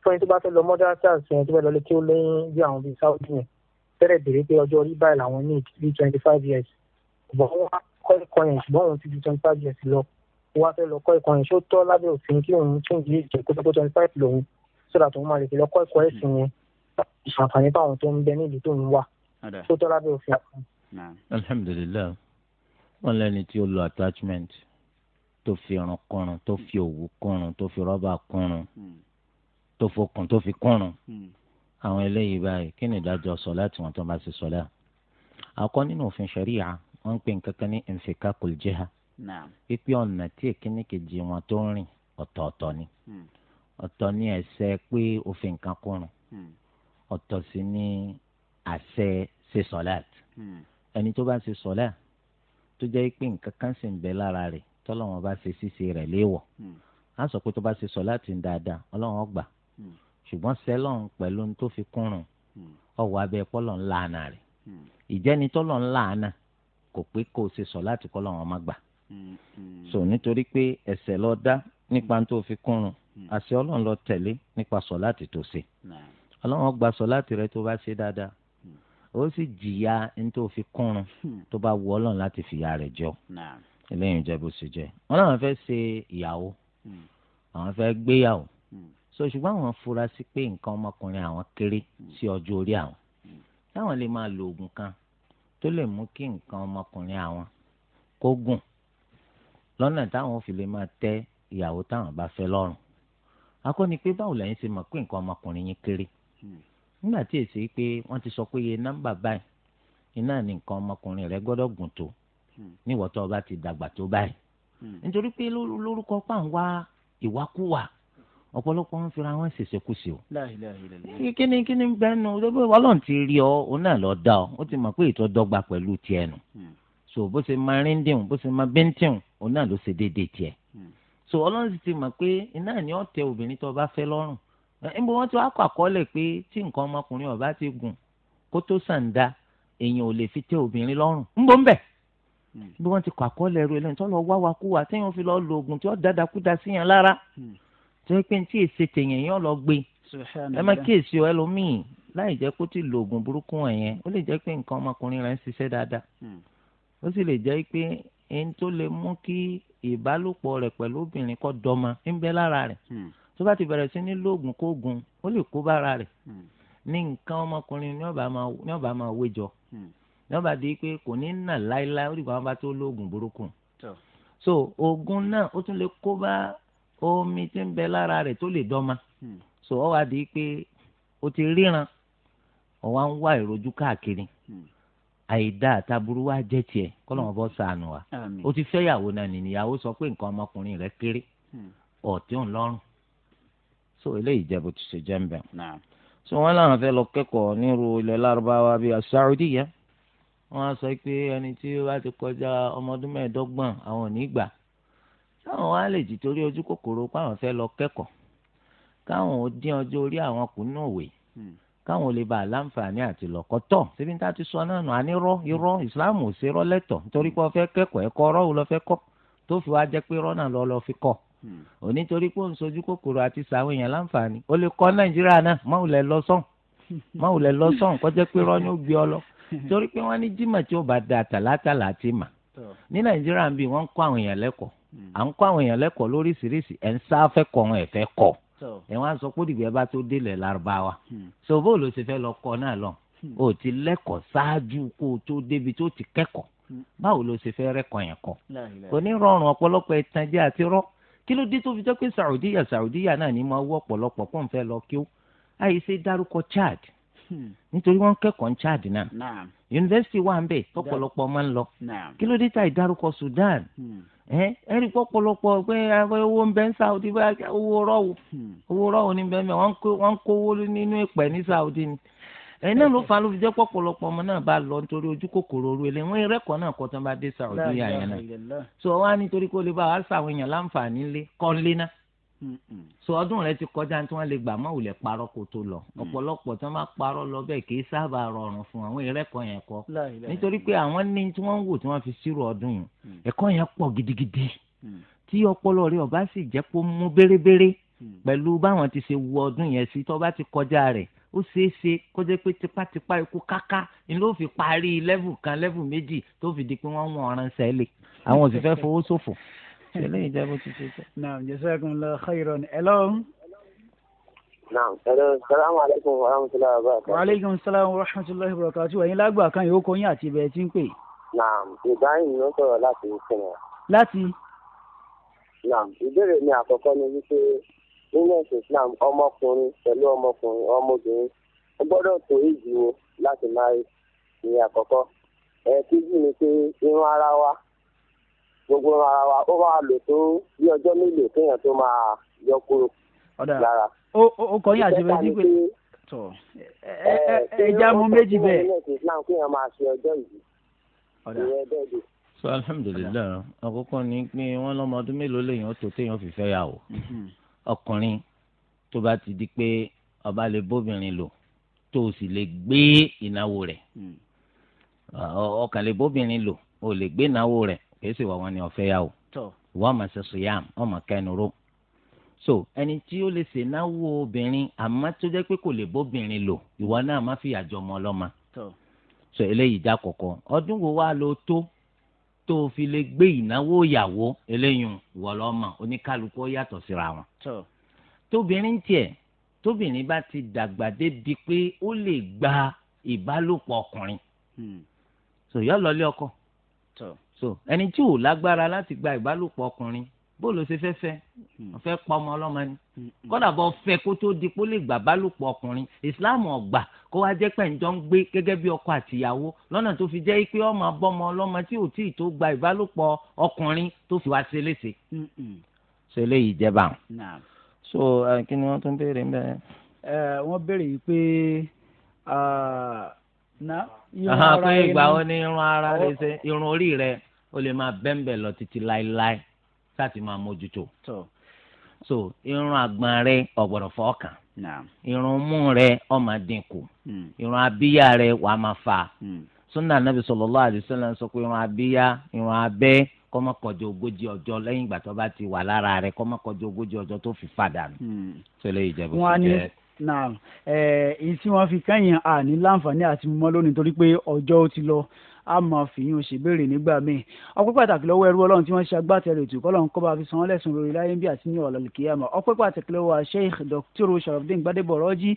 B: fún ẹni tó bá fẹ́ lọ mọ́dá kọ́ ẹ̀kọ́ yẹn ṣùgbọ́n òun ti ju twenty five years lọ wá fẹ́ lọ kọ́ ẹ̀kọ́ yẹn ṣó tọ́ lábẹ́ òfin kí òun tún di ìjẹ́ kó tó pé twenty five lòun sódà tó máa lè fi lọ kọ́ ẹ̀sìn yẹn ìṣàǹfààní fáwọn tó ń bẹ ní ìlú tó ń wà ṣó tọ́ lábẹ́ òfin.
D: alhamdulilayi wọn lẹni tí ó lo attachment tó fi irun kọrun tó fi òwú kọrun tó fi rọ́bà kọrun tó hmm. fokùn tó fi kọrun hmm. àwọn eléyìí báyìí kí ni ìdájọ́ sọlá tí wọn tó bá ṣe sọlá àkọ nínú òfin ṣẹríya wọ́n ń pè nǹkan kan ní infikakul jiha pípé ọ̀nà tí èkíní kejì wọn tó ń rìn ọ̀tọ̀ọ̀tọ̀ ni hmm. ọ̀tọ̀ ni ẹ̀ṣẹ̀ pé òfin kan kúrin hmm. ọ̀tọ̀ sì ni àṣẹ ṣe sọ̀láàt hmm. ẹni tó bá ṣe sọ̀láà tó jẹ́ pé nǹkan kan sì ń bẹ lára rẹ̀ tọ́lọ́wọ́n bá ṣe ṣíṣe rẹ̀ léèwọ̀ á sọ pé tó bá ṣe sọ̀láàt ń dáadáa ọlọ́wọ́n gbà ṣùgbọ́n sẹ́lọ̀n pẹ̀lú tó fi kúrun ọ̀wọ́ abẹ́ pọ́lọ̀ ńlá kò pé kó o ṣe sọ láti kọ́ lọ́wọ́n má gbà.
A: Mm, mm.
D: so nítorí pé ẹ̀ṣẹ̀ ló dá nípa mm. tó fi kúrun àṣẹ ọlọ́run ló tẹ̀lé nípa sọ láti tó ṣe ọlọ́run gba sọ láti rẹ tó bá ṣe dáadáa ó sì jìyà nítorí fi kúrun hmm. tó bá wù ọlọ́run láti fìyà rẹ̀ jọ eléyìí jẹ́ bó ṣe jẹ́ wọn náà fẹ́ ṣe ìyàwó hmm. àwọn fẹ́ gbéyàwó hmm. so ṣùgbọ́n àwọn fura sí pé nǹkan ọmọkùnrin àwọn kéré sí ọjọ́ orí àwọn táwọn lè máa lo oògùn kan tó lè mú kí nǹkan ọmọkùnrin àwọn kó gùn lọ́nà táwọn fi lè máa tẹ́ ìyàwó táwọn bá fẹ́ lọ́rùn akọni pé báwo lẹ́yìn ṣe mọ̀ pé nǹkan ọmọkùnrin yín kéré nígbà tí èsì pé wọ́n ti sọ pé iye nọ́mbà báyìí iná ni nǹkan ọmọkùnrin rẹ gbọ́dọ̀ gùn tó níwọ̀ tó o bá ti dàgbà tó báyìí hmm. nítorí pé lórúkọ pàǹwá ìwákúwà ọ̀pọ̀lọpọ̀ wọn fira wọn ṣẹ̀ṣẹ̀ kù sí o. kíni kíni bẹ́ẹ̀ nù ọlọ́run ti rí ọ òun náà lọ dá ọ ó ti mọ̀ pé ìtọ́ dọ́gba pẹ̀lú tiẹ̀ nù. Hmm. so bó ṣe máa rí ndéhùn bó ṣe máa bí ndéhùn òun náà ló ṣe déédéé tiẹ̀. Hmm. so ọlọ́run sì ti mọ̀ pé iná ni ó tẹ obìnrin tó bá fẹ́ lọ́rùn. níbo wọ́n ti wá kọ́ àkọọ́lẹ̀ pé tí nǹkan ọmọkùnrin ọba ti gùn kó tó sàǹda èèyàn ò lè fi tẹ obìnrin lọ́rùn. ń bọ́ ń bẹ̀ hmm. bí wọ́n ti kọ́ àkọọ́lẹ̀ rẹ̀ lẹ́yìn tó lọ wá wa kú wa téèyàn fi lọ́ọ́ lo oògùn tí ó dáadáa kú da síyàn lára tó ń pè ní tí èsì tèèyàn yàn lọ gbé ẹ má kíyèsí ọ ẹlòmíì láì jẹ́ kó ti lo oògùn burúkú wọn yẹn ó lè jẹ́ pé nǹkan ọmọkùnrin rẹ̀ ń ṣiṣẹ́ dáadáa hmm. ó sì lè jẹ́ pé ẹni tó lè mú kí ìbálòpọ̀ rẹ̀ pẹ̀lú obìnrin kọ́ dọ́mọ ń bẹ lára rẹ̀ hmm. tó bá ti bẹ̀rẹ̀ sí ní lóògùn kóògùn ó lè kó bára rẹ̀ hmm. ní nǹkan ọmọkùnrin ní ọba máa wé jọ ní ọba di pé kò ní nà láéláé ó dìgbà wọn bá tó lóògùn burúkú so oògùn náà ó tún lè kó bá omi ti ń bẹ lára to tó lè dọ́mà hmm. so ọ wá di pé o ti ríran ọ wá ń wá ìrojú káàkiri hmm. àìdá àtàbúrú wa jẹ́ tiẹ̀ sànù wa o ti fẹ́yàwó náà nìyàwó sọ pé nǹkan ọmọkùnrin re kéré hmm. ọ̀tí òun so eléyìí jẹ́ bó ti ṣe ń so wọ́n láwọn fẹ́ lọ kẹ́kọ̀ọ́ nírú ilẹ̀ lárúbáwá bíi asáúdì yẹn sọ pé ẹni tí ó bá ti kọjá táwọn wá lè jì torí ojú kòkòrò páwọn fẹ́ lọ kẹ́kọ̀ọ́ káwọn ò dín ọjọ́ orí àwọn kùnú òwe hmm. káwọn lè ba àlàǹfààní àti lọ́kọ́tọ̀ síbi tá a ti sọ náà nù ànírọ́ irọ́ ìsìláàmù ò ṣe rọ́ lẹ́tọ̀ nítorí pé wọ́n fẹ́ kẹ́kọ̀ọ́ ẹ̀kọ́ ọ̀rọ̀ wò lọ fẹ́ kọ́ tó fi wá jẹ́ pé rọ́nà lọ lọ fi kọ́ onítorí hmm. pé òun sojú kòkòrò àti sàwọn èèyàn láǹfààní ó lè kọ́ nàìjíríà náà máwù lẹ lọ sọ́n kọ́ jẹ́ pé rọ́nyó gbé ọ lọ torí pé wọ́n ní jímọ̀ tí ó bá da tàlátàlá àti mà ní nàìjíríà ń bí wọ́n ń kọ́ àwọn èèyàn lẹ́kọ̀ọ́ Hmm. à ń kọ́ àwọn èèyàn lẹ́kọ̀ọ́ lóríṣiríṣi ẹ̀ ń sá fẹ́ kọ́ wọn ẹ̀ fẹ́ kọ́ ẹ̀ wọ́n á sọ pé dìgbẹ́ bá tó délẹ̀ lárúbáwá hmm. so bó ló ṣe fẹ́ lọ kọ́ náà lọ hmm. o ti lẹ́kọ̀ọ́ ṣáájú kó o tó débi tó ti kẹ́kọ̀ọ́ báwo ló ṣe fẹ́ rẹ́kọ̀ọ́ yẹn kọ́ kò ní rọrùn ọ̀pọ̀lọpọ̀ ìtànjẹ àti rọ́ kí ló dé tó fi jẹ́ pé Saudiya Saudiya náà ní máa wọ́ ọ̀pọ̀lọpọ̀ pọ̀ ń fẹ́ lọ kí ó àyè ṣe dárúkọ Hmm. nítorí wọ́n kẹ́kọ̀ọ́ ń Chad náà yunifásitì wà ń bẹ ọ̀pọ̀lọpọ̀ máa ń lọ kí ló dé ta ìdárúkọ Sudan hmm. ẹ rí pọ̀pọ̀lọpọ̀ pé owó ń bẹ ń Saudi bá owó rọ́wù hmm. owó rọ́wù ní bẹ́ẹ̀ wọ́n ń kówó nínú ìpẹ́ ní Saudi ni ẹ̀yin náà ló fa ló fi jẹ́ pọ̀pọ̀lọpọ̀ ọmọ náà bá lọ nítorí ojú kòkòrò oru ẹlẹ́ wọ́n rẹ́kọ̀ọ́ náà kọ́ tán bá dé Saudi yàyàn náà so wọ́n á nítorí kó lè bá wàá sàwọn èèyàn láǹfààní lé kọ́ náà so ọdún rẹ ti kọjá tí wọ́n lè gbà má wulẹ̀ parọ́ kó tó lọ mm. ọ̀pọ̀lọpọ̀ tí wọ́n bá parọ́ lọ bẹ́ẹ̀ kì í sábà rọrùn fún àwọn ìrẹ́kọ̀ọ́ yẹn kọ́ nítorí pé àwọn ní tí wọ́n ń wò tí wọ́n fi sírò ọdún yìí mm. ẹ̀kọ́ yẹn pọ̀ gidigidi mm. tí ọpọlọ rẹ ọba sì jẹ́ kó mú bérebére pẹ̀lú báwọn ti ṣe wo ọdún yẹn sí tó bá ti kọjá rẹ̀ ó ṣeé ṣe kó jẹ́ pé tipátipá ikú káká ni ló fi parí lẹ́vù kan lẹ́vù méjì tó fi di pé wọ́n wọ́n ọ̀ràn ṣẹlẹ̀ ìjábọ̀ ti ṣe jẹ́.
C: naam jazakumullahu khairan hello.
E: naam hello salaamu alaykum wa rahmatulahi wa barakatuh. wa aleykum
C: salaam wa rahmatulahi wa barakatuh wàyí lágbà kan yóò kọ́ yín àti ibẹ̀ tí ń pè.
E: naam ibrahim ló ń sọ̀rọ̀ láti kenya. láti. naam ìbéèrè mi àkọ́kọ́ ni wípé nínú ẹ̀sìn islam ọmọkùnrin pẹ̀lú ọmọkùnrin ọmọbìnrin ó gbọ́dọ̀ tó èjì láti máa rí ìyẹn àkọ́kọ́ ẹ̀ẹ́dẹ́gbẹ̀rún pé irun ara wa gbogbo ara wa ó máa lò tó bí ọjọ́ mélòó kéèyàn tó máa yọ kúrò lára. ó ó
B: kọ yín àti bẹ́ẹ̀ dípẹ́
E: tọ̀ ẹja mu méjì bẹ́ẹ̀.
D: so alhamdulilayi àkọ́kọ́ ni pé wọ́n lọ́mọ ọdún mélòó lèèyàn tó téèyàn fi fẹ́ yà wò mm-hmm. ọkùnrin tó bá ti di pé ọba lè bóbìnrin lò tó o sì lè gbé ìnáwó rẹ̀ mm. ọkàn lè bóbìnrin lò o lè gbé ìnáwó rẹ̀ kìí ṣe wà wọn ni ọ̀fẹ́ yà o ìwọ ọmọ ṣe siyam ọmọ kẹnu ró so ẹni tí ó lè ṣe náwó obìnrin àmọ́ tó jẹ́ pé kò lè bóbìnrin lò ìwọ náà má fìyà jọ ọmọ ọlọ́mọ so eléyìí já kọ̀kọ́ ọdún wo wá lo tó tó o fi lè gbé ìnáwó ìyàwó eléyìí ìwọ lọ́mọ oníkálukú yàtọ̀ síra wọn tóbìnrin tiẹ̀ tóbìnrin bá ti dàgbà débi pé ó lè gba ìbálòpọ̀ ọkùnrin hmm. so yọ lọ lé ọkọ so ẹni tí ò lágbára láti gba ìbálòpọ̀ ọkùnrin bóòlù ṣe fẹ́ fẹ́ ọ̀fẹ́ hmm. pa ọmọ ọlọ́mọ ni hmm, hmm. kọ́dà bọ́ fẹ́ kó tó di kó lè gbà bálòpọ̀ ọkùnrin ìsìláàmù ọ̀gbà kó wá jẹ́ pé ǹjọ́ ń gbé gẹ́gẹ́ bí ọkọ àtìyàwó lọ́nà tó fi jẹ́ pé ọmọ abọ́mọ ọlọ́mọ tí ò tí ì tó gba ìbálòpọ̀ ọkùnrin tó fi wá ṣe léṣe. so eléyìí jẹba. so kí ni wọ́n tún béèrè ńbẹ.
C: wọ́n béèrè yìí pé ah, na irun ara rẹ ni
D: irun orí rẹ ó lè máa bẹ́ńbẹ̀ lọ títí láéláé láti máa mójútó. so irun àgbọ̀n rẹ ọ̀gbọ̀dọ̀ fọ́ọ̀kàn irun mú rẹ ó máa dínkù hmm. irun abíyá rẹ wàá máa fà hmm. sunna anabi sallallahu alaihi wasallam sọ pé irun abíyá irun abẹ́ kọ́mọ kọjọ ogójì ọjọ́ lẹ́yìn ìgbà tó bá ti wà lára
C: rẹ̀ kọ́mọ ogójì ọjọ́ tó fi fàdà nù.
D: sọlẹ ìjẹbù tó jẹ.
C: náà èyí tí wọ́n fi kẹ́yìn àní láǹfààní àti mímọ́ lónìí torí pé ọjọ́ ti lọ a máa fìyín o ṣèbéèrè nígbà míì ọpẹ́ pàtàkì lọ́wọ́ ẹrú ọlọ́run tí wọ́n ṣe agbátẹrù ètò kọ́lọ́n kó bá fi san wọ́n lórí láyé bí àti ní ọ̀làlùkìyàmọ̀ ọpẹ́ pàtàkì lọ́wọ́ sheikh dr sharafdin gbadebo rọ́jí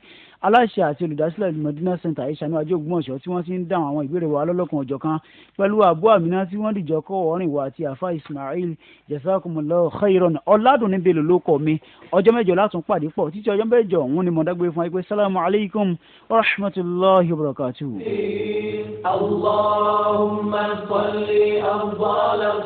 C: aláṣẹ àti olùdásílẹ̀ medina center ìṣànú ajé tí wọ́n ti ń dáhùn àwọn ìbéèrè wa lọ́lọ́kan ọ̀jọ̀ kan pẹ̀lú àbú àmínà tí wọ́n dìjọ kọ́ ọ̀rìn wa àti àfa ismail jazakumullahu khairan ọ̀làdùnní bèlò ló mi ọjọ́ mẹ́jọ látún pàdé pọ̀ títí ọjọ́ mẹ́jọ òun ni mọ̀dágbé fún wa pé alaykum wa rahmatulahi wa barakatuhu.
A: اللهم صل أفضل